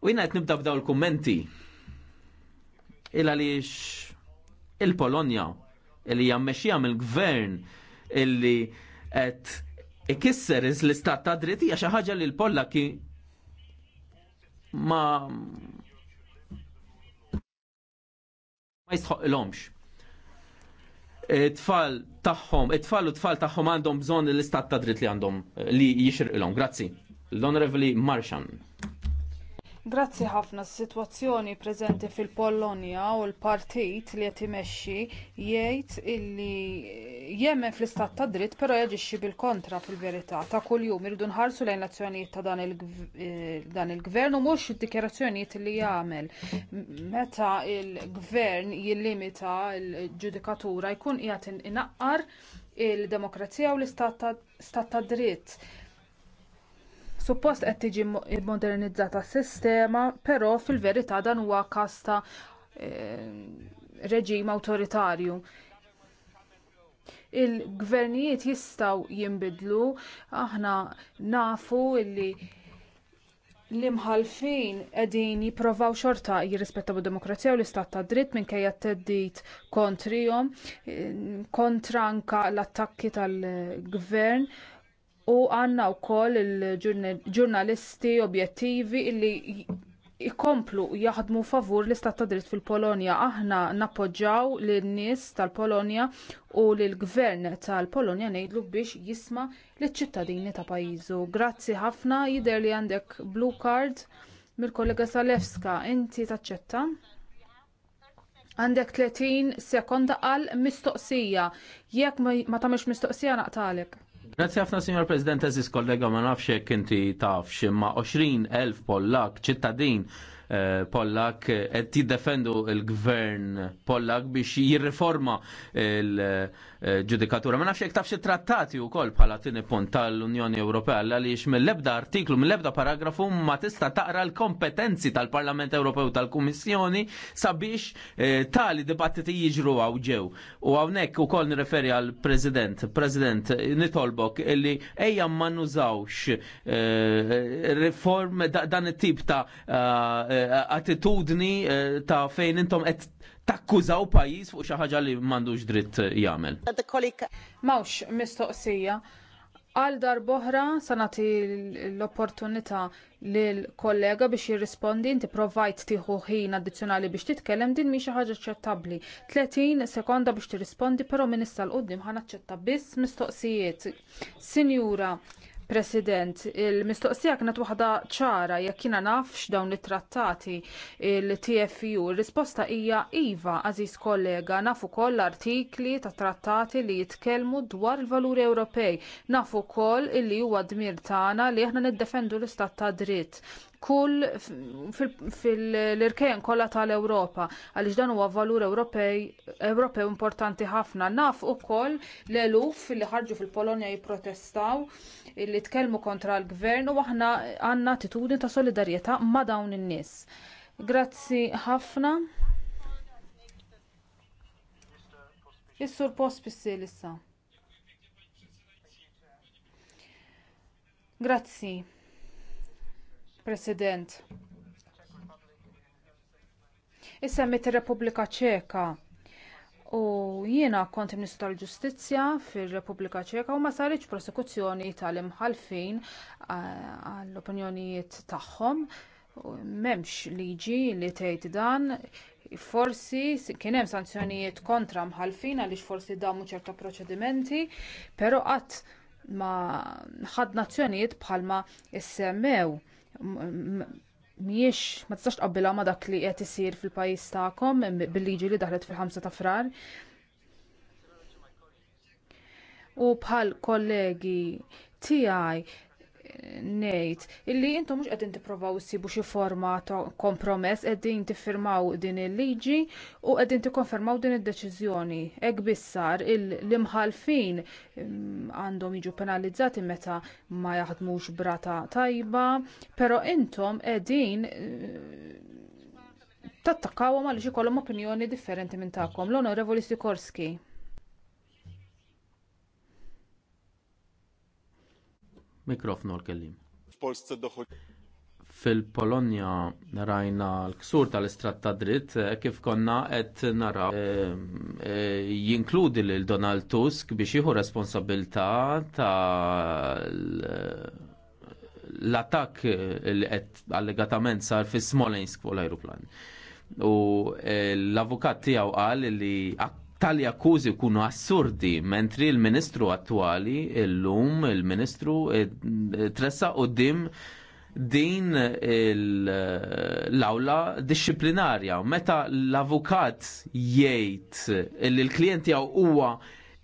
U jina għet nibda b'daw l-kummenti il għaliex il-Polonja li jammexxija mill-gvern illi qed ikisser l-istat ta' dritt hija xi ħaġa li l polla ki ma ma l-omx tfal tagħhom, it-tfal u tfal tagħhom għandhom bżonn l-istat ta' dritt li għandhom eh, li jixirqilhom. Grazzi. L-Onorevoli Marshan. Grazzi ħafna s-sitwazzjoni preżenti fil polonia u l-partit li qed imexxi jgħid illi jemmen fl-istat ta' dritt però jaġixxi bil-kontra fil-verità ta' kuljum irridu nħarsu lejn l-azzjonijiet ta' dan eh, il-gvern u mhux id-dikjarazzjonijiet li jagħmel. Meta l gvern jillimita l-ġudikatura jkun qiegħed inaqqar il-demokrazija u l-istat ta' dritt. Suppost qed tiġi modernizzata s-sistema, però fil-verità dan huwa każ ta' eh, reġim awtoritarju il-gvernijiet jistgħu jinbidlu, aħna nafu illi l-imħalfin qegħdin jipprovaw xorta jirrispettaw id-demokrazija u l-istat ta' dritt minkejja t-teddit kontrihom, kontra anka l-attakki tal-gvern u għandna wkoll il-ġurnalisti objettivi illi ikomplu jaħdmu favur l-istat ta' dritt fil-Polonja. Aħna nappoġġaw lin nies tal-Polonja u lill gvern tal-Polonja ngħidlu biex jisma' liċ ċittadini ta' pajjiżu. Grazzi ħafna jidher li għandek blue card mill-kollega Salewska. Inti taċċetta? Għandek 30 sekonda għal mistoqsija. Jekk ma tagħmilx mistoqsija naqtalek. Grazzi ħafna, Signor President, eżis kollega, ma nafx kinti inti taf ma 20.000 Pollak, ċittadin eh, Pollak, eh, qed jiddefendu l gvern Pollak biex jirriforma il- ġudikatura. Ma nafx jek tafx trattati u kol bħala tini punt tal-Unjoni Ewropea għaliex mill-ebda artiklu, mill-ebda paragrafu ma tista taqra l-kompetenzi tal-Parlament Ewropew tal-Kummissjoni sabiex eh, tali dibattiti jiġru għaw ġew. U għawnek u kol nireferi għal-President. President, nitolbok illi ejja ma nużawx eh, reform dan it-tip ta' eh, attitudni ta' fejn intom qed takkużaw pajjiż fuq xi ħaġa li m'għandux dritt jagħmel. Mawx mistoqsija. Għal darboħra sanati l-opportunità lill-kollega biex jirrispondi inti provajt tieħu ħin addizzjonali biex titkellem din mhi xi ħaġa ċettabbli. 30 sekonda biex tirrispondi però minn issa l-qudiem ħanaċċetta biss mistoqsijiet. Sinjura President, il-mistoqsija kienet waħda ċara jekk jiena nafx dawn it-trattati il-TFU. Risposta hija iva, għażiż kollega, nafu koll l-artikli ta' trattati li jitkellmu dwar il-valuri Ewropej. Naf ukoll illi huwa dmir tagħna li aħna niddefendu l-istat ta' dritt kull fil-irkejn kollha tal-Ewropa għaliex dan huwa valur Ewropew importanti ħafna. Naf ukoll l-eluf li ħarġu fil-Polonja jipprotestaw li tkellmu kontra l-gvern u aħna għandna attitudni ta' solidarjetà ma' dawn in-nies. Grazzi ħafna. Is-sur post pissi Grazzi. President. Issa mit Repubblika Ċeka. U jiena kont Ministru tal-Ġustizzja fir-Repubblika Ċeka u ma saritx prosekuzzjoni tal-imħalfin għall-opinjonijiet tagħhom. M'hemmx liġi li tgħid dan forsi kien hemm sanzjonijiet kontra mħalfin għaliex forsi damu ċerta proċedimenti, però qatt ma ħad nazzjonijiet bħalma issemmew miex ma tistax tqabbilha ma dak li qed isir fil-pajjiż tagħkom bil-liġi li daħlet fil-5 ta' frar. U bħal kollegi tiegħi ngħid illi intom mhux qegħdin tippruvaw issibu xi forma ta' kompromess qegħdin tiffirmaw din il-liġi u qegħdin tikkonfermaw din id-deċiżjoni. Hekk bissar l-imħalfin mm, għandhom jiġu penalizzati meta ma jaħdmux brata tajba, però intom qegħdin mm, tattakkawhom għaliex ikollhom opinjoni differenti minn tagħkom. L-Onorevoli Sikorski. Mikrofnu l-kellim. Fil-Polonja rajna l-ksur tal-istrat ta' dritt eh, kif konna qed naraw eh, eh, jinkludi lil Donald Tusk biex jieħu responsabilità ta' l-attak li qed allegatament sar fi Smolensk fuq l ajruplan U l-avukat tiegħu qal li tali akkużi kunu assurdi, mentri il-ministru attuali, il-lum, il-ministru, eh, tressa u dim din l-awla disciplinarja. Meta l-avukat jgħid li l-klient huwa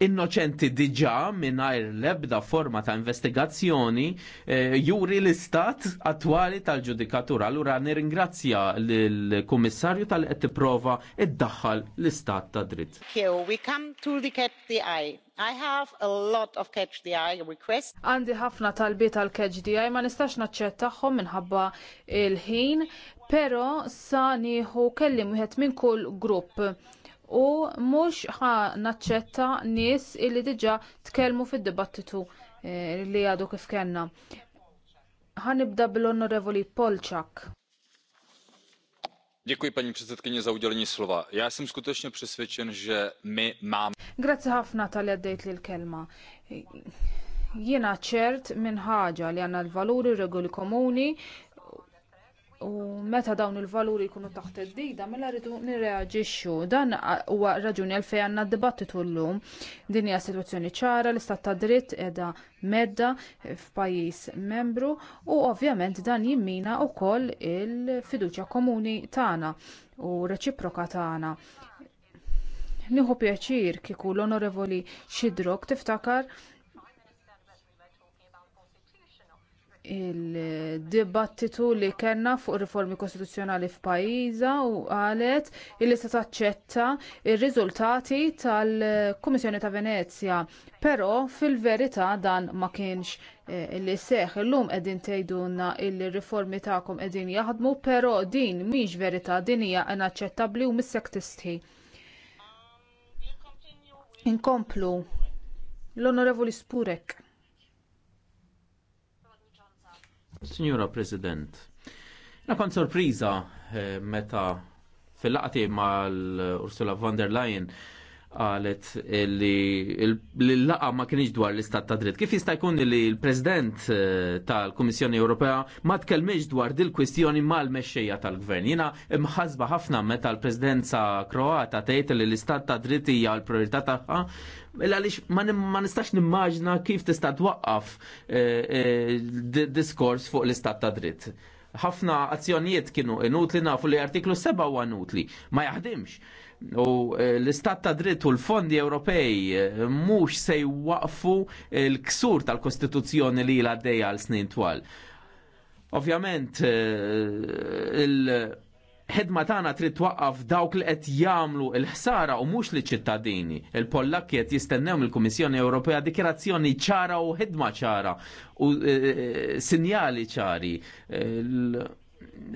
innoċenti diġa mingħajr l-ebda forma ta' investigazzjoni eh, juri l-istat attwali tal-ġudikatura. Allura nirringrazzja l-Kummissarju tal-qed tipprova iddaħħal l-istat ta' dritt. we come to the I have a lot of catch the eye requests. Għandi ħafna talbiet għal catch the eye ma nistax naċċettaħħom minħabba il-ħin, pero sa nieħu kellim wieħed minn kull grupp u mhux ħa naċċetta nies illi diġà tkellmu fid-dibattitu eh, li għadu kif kellna. Ħanibda bil-Onorevoli Polczak. Dziękuję pani předsedkyně za udzielenie slova. Ja jestem skutecznie přesvědčen, że my máme. Grazie ħafna tal għaddejt li l-kelma. Jiena ċert minn ħaġa li għandna l-valuri regoli komuni U meta dawn il-valuri jkunu taħt id-dida, mela rridu nirreagixxu. Dan huwa raġuni għal fejn għandna dibattitu llum. Din hija sitwazzjoni ċara l-istat ta' dritt qiegħda medda f'pajjiż membru u ovvjament dan jimmina wkoll il-fiduċja komuni tagħna u reċiproka tagħna. Nieħu pjaċir kieku l-Onorevoli Xidrok tiftakar il-dibattitu li kellna fuq riformi kostituzzjonali f'pajjiża u qalet li se taċċetta r riżultati tal-Kummissjoni ta' Venezja. Però fil-verità dan ma kienx eh, li seħ illum qegħdin tgħidulna il riformi tagħkom qegħdin jaħdmu, però din mhix verità din hija inaċċettabbli u missek tistħi. Inkomplu. L-Onorevoli Spurek. Signora President, na kont sorpriża eh, meta fil-laqti mal-Ursula von der Leyen għalet li l-laqa ma kienx dwar l-istat ta' dritt. Kif jista' jkun li l-President eh, tal-Kummissjoni Ewropea ma tkellmix dwar dil-kwistjoni mal-mexxejja tal-Gvern. Jiena mħazba ħafna meta l-Presidenza Kroata tgħid li l-istat ta' dritt hija l-priorità tagħha lix ma nistax nimmaġna kif tista' twaqqaf eh, eh, diskors fuq l-istat ta' dritt. Ħafna azzjonijiet kienu inutli nafu li artiklu 7 huwa inutli, ma jaħdimx. U eh, l-istat ta' dritt u l-fondi Ewropej mhux se jwaqfu l-ksur tal-Kostituzzjoni li l għaddejja għal snin twal. Ovvjament, il- ħedma tagħna trid twaqqaf dawk li qed jagħmlu l-ħsara u mhux liċ ċittadini. Il-Pollakki qed jistennew mill-Kummissjoni Ewropea dikjerazzjoni ċara u ħidma ċara u e, e, sinjali ċari e,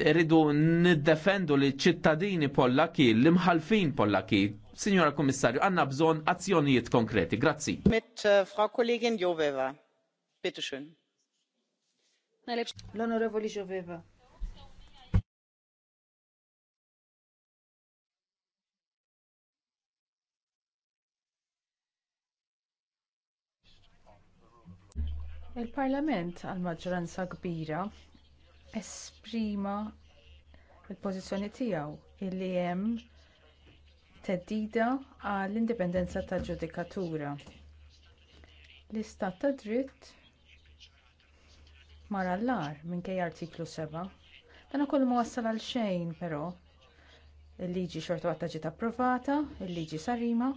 Irridu niddefendu li ċittadini pollaki, l-imħalfin pollaki. Signora Kommissarju, għanna bżonn azzjonijiet konkreti. Grazzi. Mit äh, Frau Kollegin Joveva. Bitte schön. L-Onorevoli Joveva. Il-Parlament għal maġġoranza kbira esprima il-pożizzjoni tiegħu illi hemm theddida għall indipendenza tal-ġudikatura. L-istat ta' dritt mar allar minkejja artiklu 7. Dan ukoll wassal għal xejn però il-liġi xorta waħda ġiet approvata, il-liġi sarima,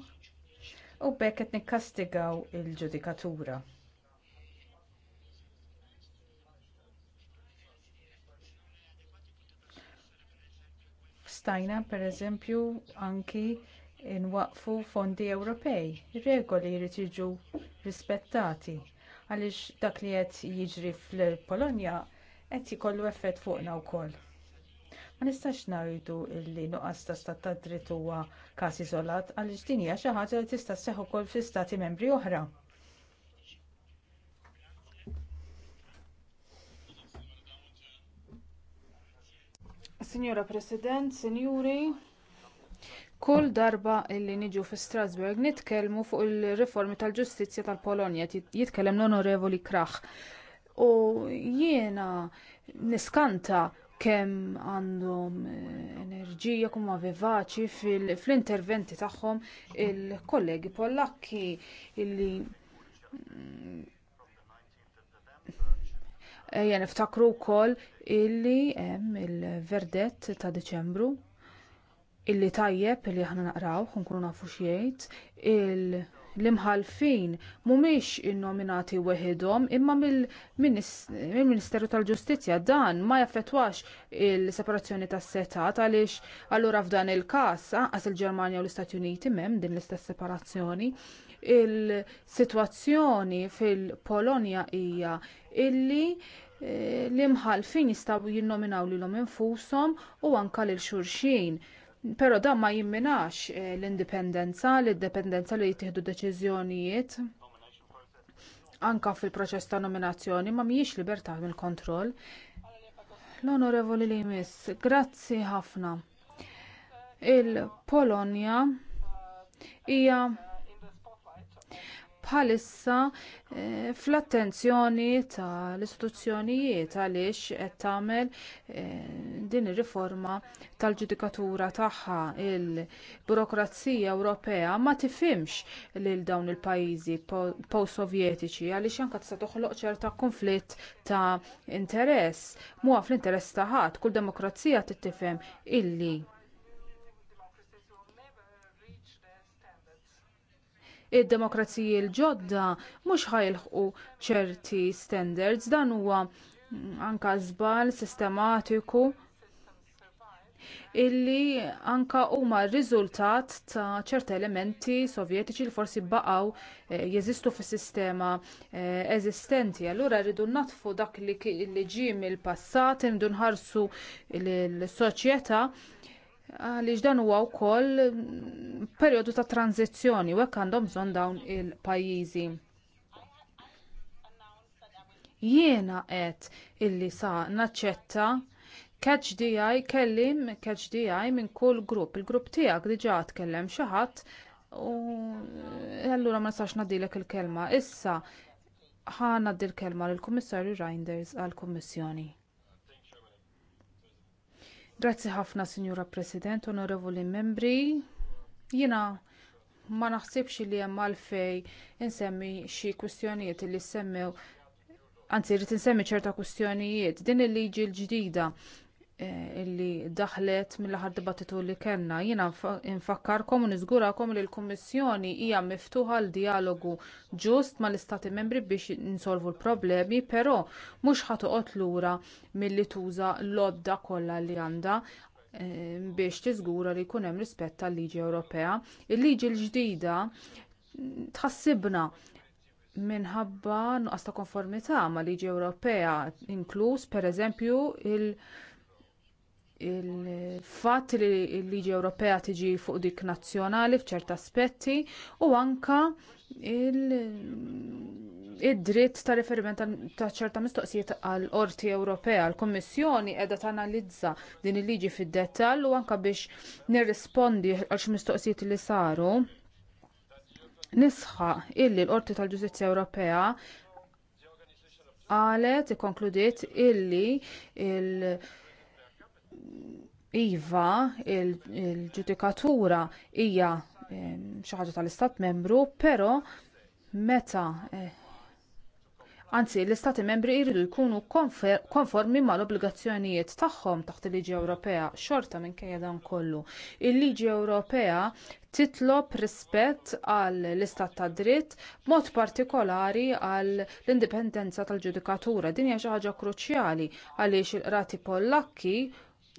u b'hekk qed nikkastigaw il-ġudikatura. stajna pereżempju anki nwaqfu fondi Ewropej. Regoli jrid jiġu rispettati għaliex dak li qed jiġri fil-Polonja qed jkollu effett fuqna wkoll. Ma nistax ngħidu li nuqqas ta' stat ta' dritt huwa każ iżolat għaliex din hija xi ħaġa li tista' sseħħ ukoll fi stati membri oħra. Signora President, Sinjuri, kull darba illi niġu fi Strasburg nitkellmu fuq il-riformi tal-ġustizzja tal-Polonja, jitkellem l-Onorevoli Krach. U jiena niskanta kemm għandhom eh, enerġija kumma vivaċi fl-interventi tagħhom il-kollegi Pollakki illi mm, eh, Jen niftakru wkoll illi hemm il-verdett ta' Deċembru illi tajjeb illi aħna naqraw nkunu nafu xejt l-imħalfin mhumiex innominati weħidhom imma mill-Ministeru tal-Ġustizzja dan ma jaffettwax il-separazzjoni tas-setat għaliex allura f'dan il-każ anqas il-Ġermanja u l-Istati Uniti m'hemm din l-istess separazzjoni il-sitwazzjoni fil-Polonja hija illi l-imħalfin jistgħu jinnominaw lilhom infushom u anke lil xulxin. Però dan ma jimminax eh, l-indipendenza, l-indipendenza li jittieħdu deċiżjonijiet anke fil-proċess ta' nominazzjoni ma mhijiex libertà mill-kontroll. L-Onorevoli Limis, grazzi ħafna. Il-Polonja hija bħalissa eh, fl-attenzjoni tal-istituzzjonijiet għaliex qed tagħmel eh, din ir-riforma tal-ġudikatura tagħha il-burokrazija Ewropea ma tifhimx lil dawn il-pajjiżi post-sovjetiċi għaliex anke tista' toħloq ċerta konflitt ta' interess. Mhuwa fl-interess ta' ħadd kull demokrazija tittifhem illi id-demokrazija l-ġodda mhux ħajlħqu ċerti standards dan huwa anka żball sistematiku illi anka huma r riżultat ta' ċerta elementi sovjetiċi li forsi baqgħu eh, jeżistu fis-sistema eh, eżistenti. Allura rridu natfu dak li ġie mill-passat, rridu nħarsu l-soċjetà għaliex dan huwa wkoll perjodu ta' tranzizzjoni u hekk għandhom bżonn dawn il-pajjiżi. Jiena qed illi sa naċċetta catch DI kellim catch DI minn kull grupp. Il-grupp tiegħek diġà tkellem xi ħadd u allura ma nistax nadilek il-kelma. Issa ħa naddi l-kelma lill kummissarju Reinders għall kummissjoni Grazzi ħafna, Sinjura President, Onorevoli Membri. Jina ma naħsibx li hemm għalfej insemmi xi kwistjonijiet li semmew anzi rrid insemmi ċerta kwistjonijiet din il-liġi l-ġdida Eh, illi daħlet mill-aħħar dibattitu li kellna. Jiena infakkarkom u niżgurakom li l-Kummissjoni hija miftuħa l dialogu ġust mal-Istati Membri biex insolvu l-problemi, però mhux ħatoqgħod lura milli tuża l-odda kollha li għandha eh, biex tiżgura li jkun hemm rispett tal-liġi Ewropea. Il-liġi l-ġdida tħassibna minħabba nuqqas ta' konformità mal liġi Ewropea, inkluż pereżempju il- il-fatt li l-liġi Ewropea tiġi fuq dik nazzjonali f'ċert aspetti u anka id-dritt ta' riferiment ta' ċerta mistoqsijiet għal qorti Ewropea. L-Kommissjoni qiegħda tanalizza din il-liġi fid-dettall u anka biex nirrispondi għal xi mistoqsijiet li saru. Nisħa illi l-Qorti tal-Ġustizzja Ewropea qalet ikkonkludiet illi il- Iva, il-ġudikatura il hija xi ħaġa tal-Istat membru, però meta eh, Anzi, l-Istati membri jridu jkunu konformi mal-obbligazzjonijiet tagħhom taħt il-Liġi Ewropea xorta minkejja dan kollu. Il-Liġi Ewropea titlob rispett għal l-istat ta' dritt, mod partikolari għal l-indipendenza tal-ġudikatura. Din hija xi ħaġa kruċjali għaliex il-qrati Pollakki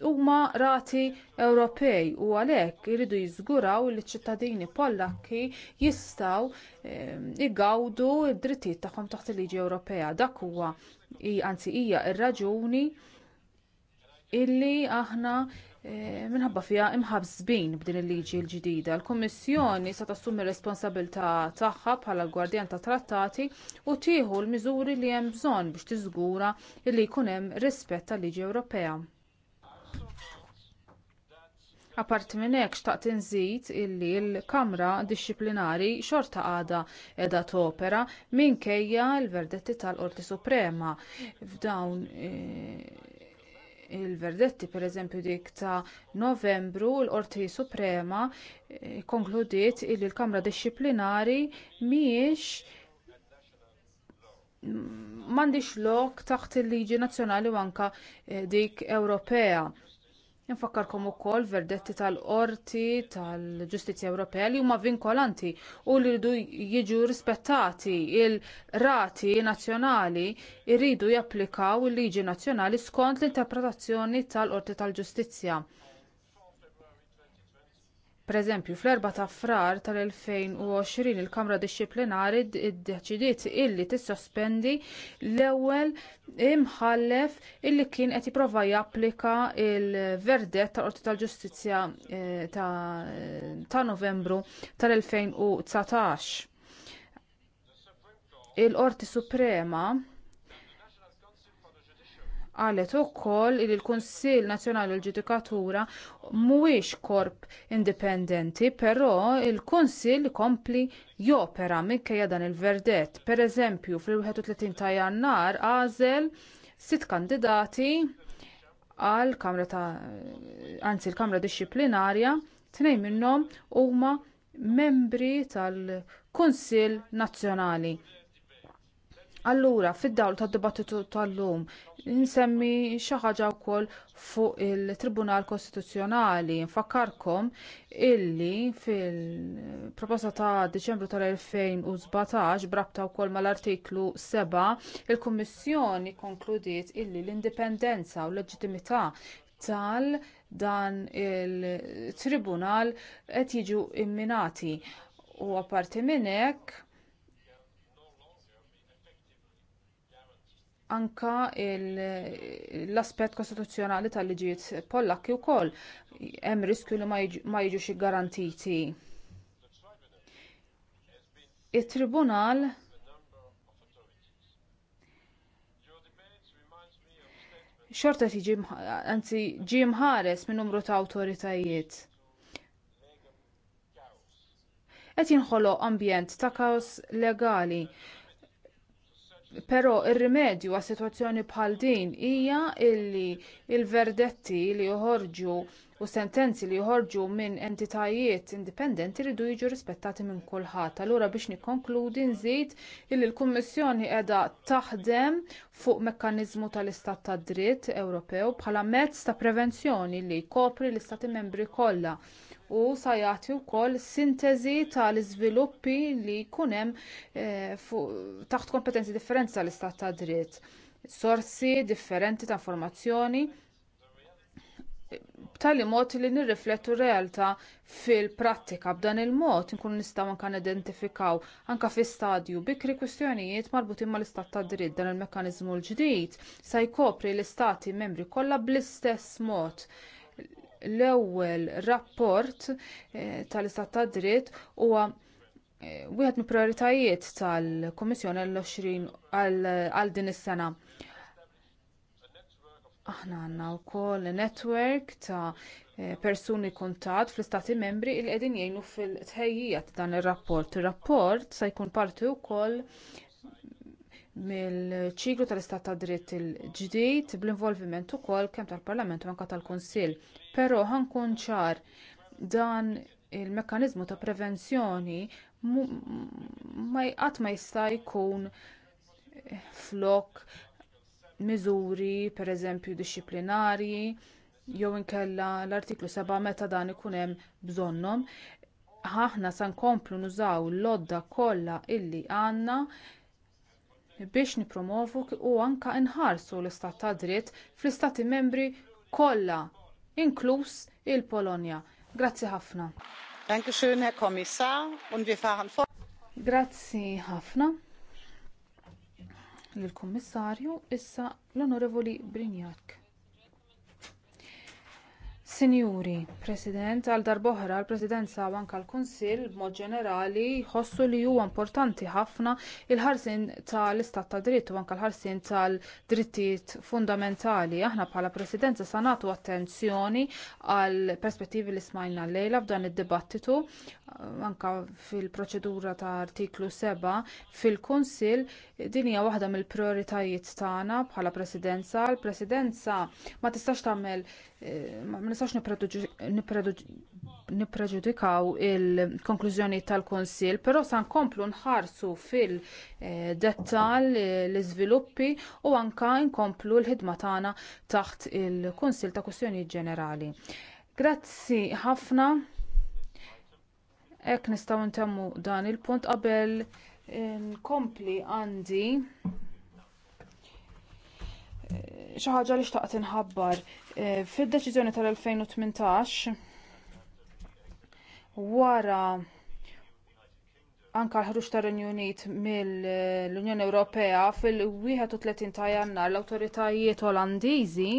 huma rati Ewropej u għalhekk iridu jiżguraw li ċ-ċittadini Pollakki jistgħu ehm, igawdu d-drittijiet tagħhom taħt il-liġi Ewropea. Dak huwa anzi hija r-raġuni illi aħna eh, minħabba fija imħabżbin b'din il-liġi l-ġdida. L-Kommissjoni se tassumi r-responsabilità tagħha bħala gwardjan ta' trattati u tieħu l-miżuri li hemm bżonn biex tiżgura li jkun hemm rispett tal-liġi Ewropea. Apart minn hekk xtaqt inżid illi l-Kamra Dixxiplinari xorta għadha edha topera minkejja l-verdetti tal-Qorti Suprema f'dawn eh, il-verdetti pereżempju dik ta' Novembru l-Qorti Suprema eh, konkludiet illi l-Kamra Dixxiplinari mhijiex m'għandix lok taħt il-liġi nazzjonali u anke eh, dik Ewropea Infakkarkom ukoll verdetti tal-qorti tal-Ġustizzja Ewropea li huma vinkolanti u li rridu jiġu rispettati il-rati nazzjonali jridu japplikaw il-liġi nazzjonali skont l-interpretazzjoni tal-qorti tal-Ġustizzja. tal qorti tal ġustizzja Pereżempju, fl-4 ta' frar tal-2020 il-Kamra Dixxiplinari ddeċidiet illi tissospendi l-ewwel imħallef illi kien qed jipprova japplika l verdett tal-Qorti tal-Ġustizzja eh, ta' Novembru tal-2019. Il-Qorti Suprema Qalet ukoll li l-Kunsill Nazzjonali l-Ġudikatura mhuwiex korp indipendenti, però l kunsill kompli jopera minkejja dan il-verdett. Pereżempju, fil-31 ta' Jannar għażel sitt kandidati għal kamra ta' anzi l-Kamra Dixxiplinarja, tnejn minnhom huma membri tal-Kunsill Nazzjonali. Allura, fid-dawl tad dibattitu tal-lum, nsemmi xi ħaġa wkoll fuq il-Tribunal Kostituzzjonali. Nfakkarkom illi fil-proposta ta' Diċembru tal-2017 brabta wkoll mal-artiklu 7 il-Kummissjoni konkludiet illi l-indipendenza u l-leġittimità tal dan il-tribunal qed jiġu imminati u apparti minn hekk anka l-aspett kostituzzjonali tal-liġijiet pollakki wkoll hemm riskju li ma jiġux garantiti. It-tribunal xorta tiġi anzi ġie mħares minn numru ta' awtoritajiet. Qed jinħoloq ambjent ta' kaos legali Però il rimedju għas sitwazzjoni bħal din hija illi il-verdetti li joħorġu u sentenzi li joħorġu minn entitajiet indipendenti ridu jiġu rispettati minn kulħadd. Allura biex nikkonkludi nżid illi l-Kummissjoni qiegħda taħdem fuq mekkaniżmu tal-Istat tad Dritt Ewropew bħala mezz ta' prevenzjoni li jkopri l-Istati membri kollha u sa jagħti wkoll sintesi tal-iżviluppi li jkun hemm eh, taħt kompetenzi differenti tal-istat ta' dritt, sorsi differenti ta' informazzjoni b'tali mod li nirriflettu realtà fil-prattika b'dan il-mod nkunu nistgħu anke nidentifikaw anke fi stadju bikri kwistjonijiet marbutin mal-istat ta' dritt dan il-mekkaniżmu l-ġdid sa jkopri l-istati membri kollha bl-istess mod l-ewwel rapport eh, tal-istat ta' dritt huwa eh, wieħed mill prioritajiet tal-Kummissjoni għal għal din is-sena. Aħna għandna wkoll netwerk ta' eh, persuni kuntat fl-istati membri li qegħdin jgħinu fil-tħejjija ta' dan ir-rapport. Ir-rapport se jkun parti wkoll mill-ċiklu tal-istat ta' dritt il-ġdid bl-involviment ukoll kemm tal-Parlament u anke tal-Kunsill. Però ħankun ċar dan il mekkaniżmu ta' prevenzjoni ma jqat ma jista' jkun eh, flok miżuri pereżempju dixxiplinarji jew inkella l-artiklu 7 meta dan ikun hemm bżonnhom aħna se nkomplu nużaw l-odda kollha illi għandna biex nippromovu u anke nħarsu l-istat ta' dritt fl-istati membri kollha inkluż il-Polonja. Grazzi ħafna. Dankeschön, Herr Kommissar, und wir fahren fort. Grazzi ħafna lill-Kummissarju, issa l-Onorevoli Brignac. Sinjuri, President, għal darboħra l-Presidenza sawan kal l-Kunsill b'mod ġenerali jħossu li huwa importanti ħafna il-ħarsin tal-istat ta' dritt u anke l-ħarsin tal-drittijiet fundamentali. Aħna bħala Presidenza sa nagħtu attenzjoni għal perspettivi li smajna llejla f'dan id-dibattitu anke fil-proċedura ta' artiklu 7 fil-Kunsill din hija waħda mill-prioritajiet tagħna bħala Presidenza. L-Presidenza ma tistax tagħmel eh, nistax nipreġudikaw il-konklużjoni tal-Konsil, però san nkomplu nħarsu fil-dettal eh, l-iżviluppi u anka nkomplu l-ħidma tagħna taħt il-Konsil ta' Kwistjonijiet Ġenerali. Grazzi ħafna. Ek nistaw ntemmu dan il-punt qabel eh, nkompli għandi xaħġa ħaġa li xtaqt inħabbar. E, fid-deċiżjoni tal-2018 wara anka l-ħruġ ta' renju Unit mill-Unjoni Ewropea fil-31 ta' Jannar l-awtoritajiet Olandiżi